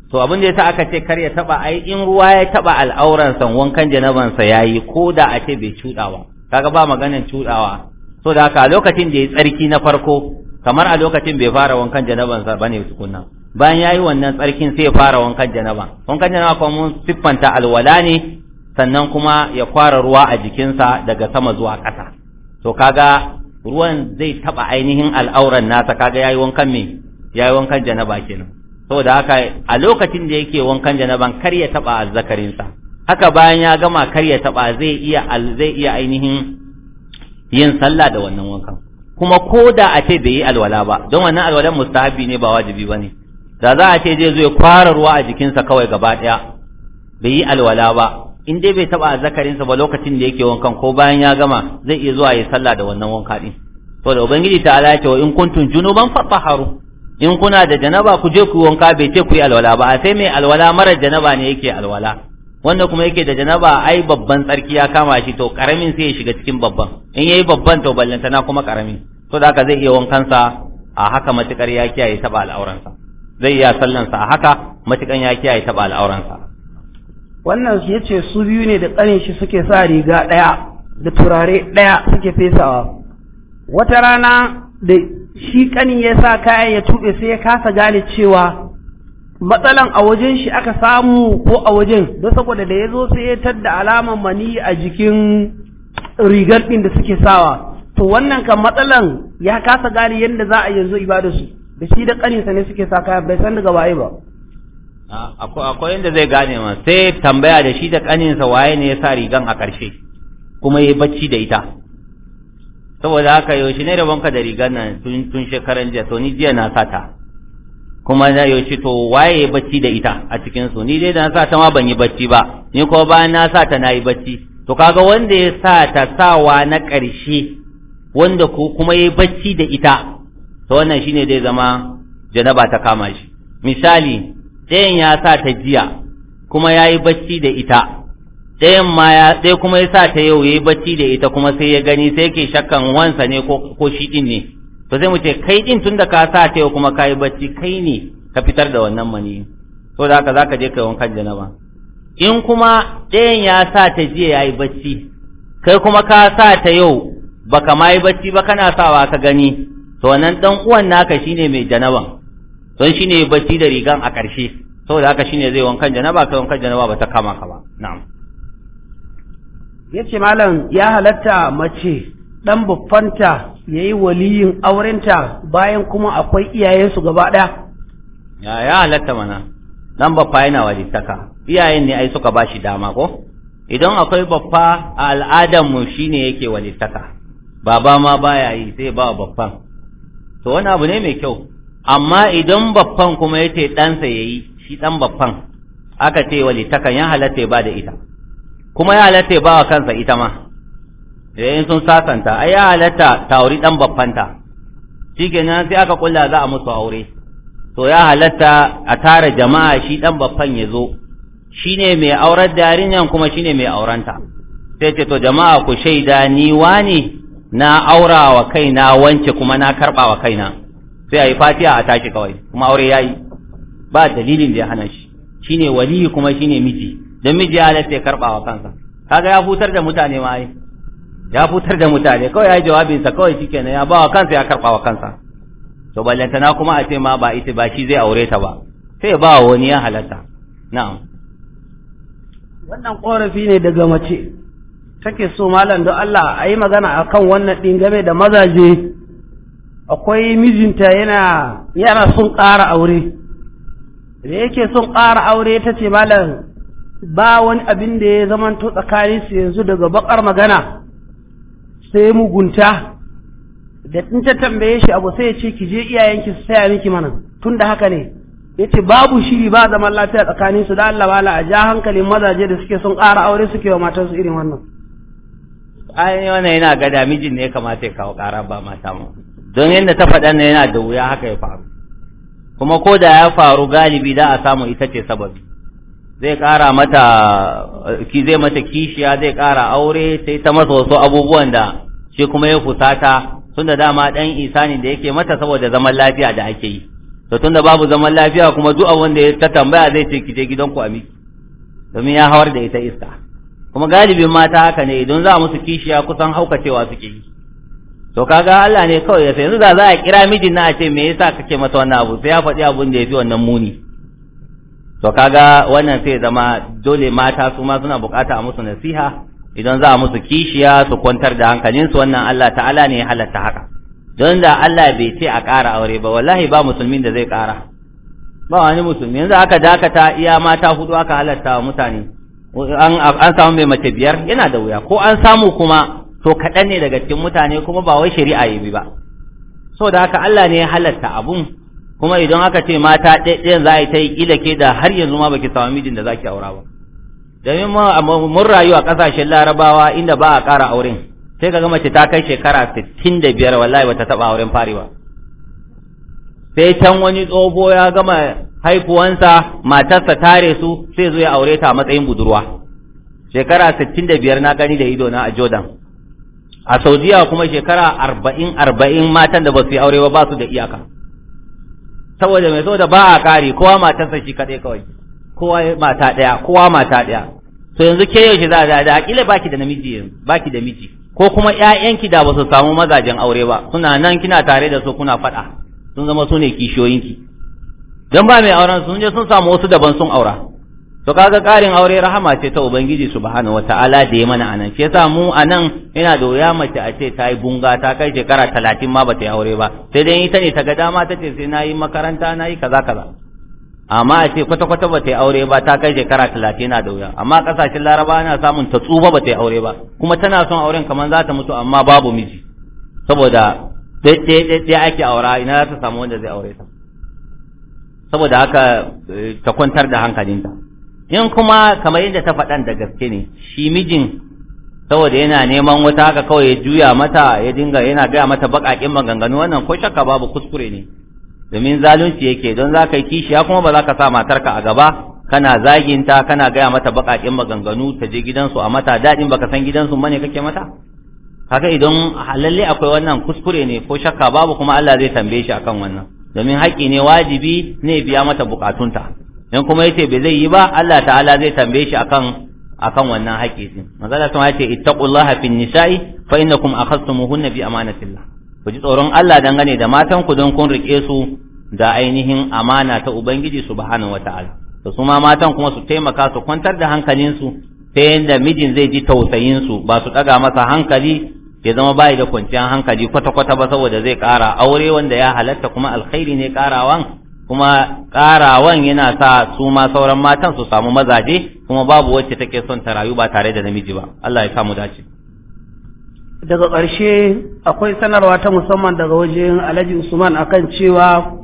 to abin da yasa aka ce kar ya taba ai in ruwa ya taba al'auransa wankan janabansa yayi ko da a ce bai cudawa kaga ba maganan cudawa so da haka lokacin da ya tsarki na farko kamar a lokacin bai fara wankan janabansa bane tukunna bayan yayi wannan tsarkin sai ya fara wankan janaba wankan janaba kuma mun siffanta alwala ne sannan kuma ya kwara ruwa a jikinsa daga sama zuwa ƙasa to kaga ruwan zai taba ainihin al'auran nasa kaga yayi wankan me yayi wankan janaba kenan saboda haka a lokacin da yake wankan janaban kar ya taba azzakarin sa haka bayan ya gama kar ya taba zai iya zai iya ainihin yin sallah da wannan wankan kuma koda a ce bai yi alwala ba don wannan alwalan mustahabi ne ba wajibi bane da za a ce zai zo ya kwara ruwa a jikinsa kawai gaba daya bai yi alwala ba in dai bai taba sa ba lokacin da yake wankan ko bayan ya gama zai iya zuwa ya sallah da wannan wanka din to da ubangiji ta ala cewa in kuntum junuban fatahharu in kuna da janaba ku je ku wanka bai ce ku yi alwala ba sai mai alwala mara janaba ne yake alwala wanda kuma yake da janaba ai babban tsarki ya kama shi to karamin sai ya shiga cikin babban in yayi babban to ballantana kuma karamin to da haka zai iya wankansa a haka matukar ya kiyaye taba al'auransa zai iya sallansa a haka matukan ya kiyaye taba al'auransa wannan ya ce su biyu ne da ƙanin shi suke sa riga ɗaya da turare ɗaya suke fesawa wata rana da shi ƙanin ya sa kayan ya tuɓe sai ya kasa gane cewa matsalan a wajen shi aka samu ko a wajen don saboda da ya zo sai ya tadda alaman mani a jikin rigar ɗin da suke sawa to wannan kan matsalan ya kasa gane yadda za a yanzu ibadarsu da shi da ƙaninsa ne suke sa kaya bai san daga waye ba akwai yadda zai gane ma sai tambaya da shi da kaninsa waye ne ya sa rigan a ƙarshe kuma ya bacci da ita saboda haka yaushe ne rabonka da rigan nan tun shekaran jiya to ni jiya na sata kuma na yaushe to waye ya bacci da ita a cikin su ni dai da na sata ma ban yi bacci ba ni ko bayan na sata na yi bacci to kaga wanda ya sata sawa na ƙarshe wanda ko kuma ya bacci da ita to wannan shine zai zama janaba ta kama shi misali ɗayan ya sa ta jiya kuma ya yi bacci da ita ɗayan ma ya ɗaya kuma ya sa ta yau ya yi bacci da ita kuma sai ya gani sai yake shakkan wansa ne ko shi ɗin ne to sai mu ce kai ɗin tunda ka sa ta yau kuma ka yi bacci kai ne ka fitar da wannan mani to da haka zaka je kai wankan janaba in kuma ɗayan ya sa ta jiya ya yi bacci kai kuma ka sa ta yau baka ma yi bacci ba kana sawa ka gani to wannan dan uwan naka shine mai janaban don shine bacci da rigan a ƙarshe saboda haka shine zai wankan janaba kai wankan janaba ba ta kama ka ba na'am yace malam ya halatta mace dan buffanta yayi waliyin aurenta bayan kuma akwai iyayensu gaba ɗaya ya ya halatta mana dan baffa yana walittaka iyayen ne ai suka bashi dama ko idan akwai baffa a al'adarmu shine yake walittaka baba ma baya yi sai ba baffan to wani abu ne mai kyau amma idan babban kuma ya ce ɗansa ya yi shi ɗan babban aka ce wali takan ya halatta ba da ita kuma ya halatta ba wa kansa ita ma yayin eh, sun sasanta ai ya halatta tauri ɗan babbanta shi kenan sai aka kulla za a musu aure to ya halatta a tara jama'a shi ɗan babban ya zo shi ne mai aurar da yarinyan kuma shi ne mai auranta sai ce to jama'a ku shaida ni wani na aura wa kaina wance kuma na karɓa wa kaina sai a yi fatiha a tashi kawai kuma aure ya yi ba dalilin da ya hana shi shine wali kuma shine miji don miji ya halatta ya karɓa wa kansa kaga ya futar da mutane ma yi ya futar da mutane kawai ya yi jawabinsa kawai kenan ya ba wa kansa ya karɓa wa kansa to ballantana kuma a ce ma ba ita ba shi zai aure ta ba sai ba wani ya halatta na'am wannan korafi ne daga mace take so malam don Allah a yi magana akan wannan ɗin game da mazaje akwai mijinta yana yana son ƙara aure da yake son ƙara aure ta ce malam ba wani abin da ya zamanto tsakanin su yanzu daga bakar magana sai mugunta da in ta tambaye shi abu sai ya ce ki je iyayenki su saya miki mana tun da haka ne ya babu shiri ba zaman lafiya tsakanin su da Allah a ja hankalin mazaje da suke son ƙara aure suke wa matansu irin wannan ai wannan yana gada da mijin ne kamata ya kawo ƙara ba mata mu don yadda ta faɗa na yana da wuya haka ya faru kuma ko da ya faru galibi da a samu ita ce sababi zai ƙara mata ki zai mata kishiya zai ƙara aure sai ta masa wasu abubuwan da shi kuma ya fusata tun da dama ɗan isa ne da yake mata saboda zaman lafiya da ake yi to da babu zaman lafiya kuma duk abin da ta tambaya zai ce ki je gidanku a miki domin ya hawar da ita iska kuma galibin mata haka ne idan za musu kishiya kusan haukacewa suke yi to kaga Allah ne kawai ya sai yanzu da za a kira mijin na a ce me yasa kake masa wannan abu sai ya faɗi abun da fi wannan muni to kaga wannan sai zama dole mata su ma suna bukata a musu nasiha idan za a musu kishiya su kwantar da hankalin su wannan Allah ta'ala ne ya halatta haka don da Allah bai ce a ƙara aure ba wallahi ba musulmin da zai ƙara ba wani musulmi yanzu aka dakata iya mata hudu aka halatta wa mutane an samu mai mace biyar yana da wuya ko an samu kuma to kaɗan ne daga cikin mutane kuma ba wai shari'a ya bi ba so da haka Allah ne ya halatta abun kuma idan aka ce mata ɗaya-ɗaya za a yi ta yi ke da har yanzu ma baki samu mijin da za ki aura ba domin mun rayu a ƙasashen larabawa inda ba a ƙara auren sai ka ga mace ta kai shekara sittin da biyar wallahi ta taɓa auren fari ba sai can wani tsoho ya gama haifuwansa matarsa tare su sai zo ya aure ta a matsayin budurwa shekara sittin da biyar na gani da ido na a jordan a saudiya kuma shekara arba'in arba'in matan da ba su yi aure ba ba su da iyaka saboda mai saboda ba a kari kowa matarsa shi kaɗai kawai kowa mata ɗaya kowa mata ɗaya to yanzu ke yaushe za a da akila baki da namiji yanzu baki da miji ko kuma ƴaƴanki da ba su samu mazajen aure ba suna nan kina tare da su kuna faɗa sun zama su ne kishiyoyinki don ba mai auren sun je sun samu wasu daban sun aura to kaga karin aure rahama ce ta ubangiji subhanahu wataala da ya mana anan shi yasa mu anan ina da wuya mace a ce ta yi bunga ta kai shekara talatin ma bata yi aure ba sai dai ita ne ta ga dama ta ce sai na yi makaranta na yi kaza kaza amma a ce kwata kwata bata yi aure ba ta kai shekara talatin na da wuya amma kasashen laraba ana samun ta tsufa bata yi aure ba kuma tana son auren kamar za ta mutu amma babu miji saboda daidai ake aura ina za ta samu wanda zai aure ta saboda haka eh, ta kwantar da hankalinta in kuma kamar yadda ta faɗan da gaske ne shi mijin saboda yana neman wata haka kawai ya juya mata ya dinga yana gaya mata baƙaƙen maganganu wannan ko shakka babu kuskure ne domin zalunci yake don za ka yi kishiya kuma ba za ka sa matarka a gaba kana zaginta kana gaya mata baƙaƙen maganganu ta je gidansu a mata daɗin baka san gidansu mane kake mata haka idan lalle akwai wannan kuskure ne ko shakka babu kuma Allah zai tambaye shi akan wannan domin haƙƙi ne wajibi ne biya mata buƙatunta in kuma yace bai zai yi ba Allah ta'ala zai tambaye shi akan akan wannan haƙƙi din manzala sun yace ittaqullaha fin nisa'i fa innakum akhastumuhunna bi amanatillah ku ji tsoron Allah dangane da matan ku don kun rike su da ainihin amana ta ubangiji subhanahu wataala to su ma matan kuma su taimaka su kwantar da hankalin su ta yadda mijin zai ji tausayin su ba su daga masa hankali ya zama bai da kwanciyar hankali kwata-kwata ba saboda zai kara aure wanda ya halatta kuma alkhairi ne karawan kuma ƙarawan yana sa su ma sauran matan su samu mazaje kuma babu wacce take son ta rayu ba tare da namiji ba Allah ya samu dace daga ƙarshe akwai sanarwa ta musamman daga wajen Alhaji Usman akan cewa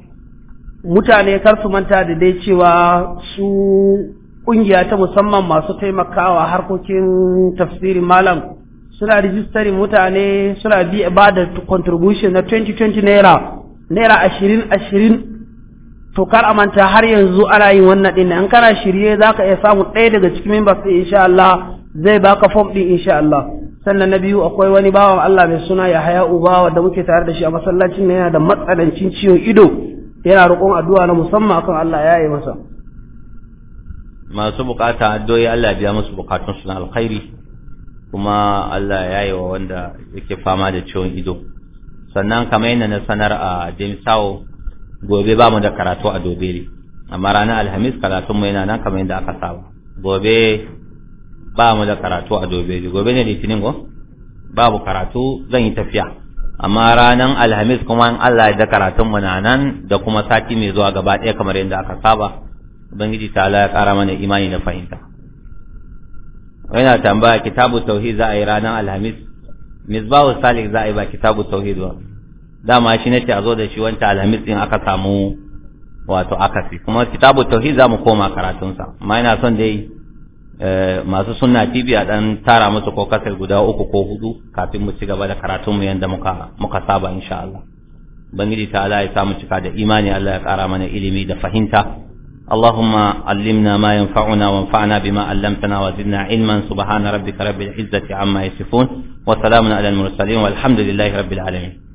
mutane kar su manta da dai cewa su ƙungiya ta musamman masu taimakawa harkokin tafsirin malam suna rijistarin mutane suna ba da contribution na 2020 naira naira ashirin ashirin to kar a manta har yanzu ana yin wannan din in kana shirye za ka iya samu ɗaya daga cikin members ɗin insha Allah zai baka form ɗin insha Allah sannan na biyu akwai wani bawan Allah mai suna ya haya Uba wanda muke tare da shi a masallacin ne yana da matsanancin ciwon ido yana roƙon addu'a na musamman akan Allah ya yi masa masu bukata addu'o'i Allah ya biya musu bukatun su na alkhairi kuma Allah ya yi wa wanda yake fama da ciwon ido sannan kamar yadda na sanar a Jamestown gobe ba mu da karatu a dobe ne amma ranar alhamis karatun mai nan kamar yadda aka saba gobe ba mu da karatu a dobe ne gobe ne litinin ko, babu karatu zan yi tafiya amma ranar alhamis kuma in Allah ya da karatun mu nan da kuma sati mai zuwa gaba ɗaya kamar yadda aka saba ubangiji ta Allah ya ƙara mana imani da fahimta yana tambaya kitabu tauhid za a yi ranar alhamis misbahu salik za a yi ba kitabu tauhid ba dama shi nace a zo da shi wancan alhamis din aka samu wato akasi kuma kitabu tauhid za mu koma karatunsa amma ina son dai eh, masu sunna tv a dan tara musu ko kasar guda uku ko hudu kafin mu ci gaba da karatunmu yadda muka muka saba insha Allah bangiji ta Allah ya samu cika da imani Allah ya kara mana ilimi da fahimta اللهم علمنا ما ينفعنا وانفعنا بما علمتنا وزدنا علما سبحان ربك رب العزة عما يصفون وسلام على المرسلين والحمد لله رب العالمين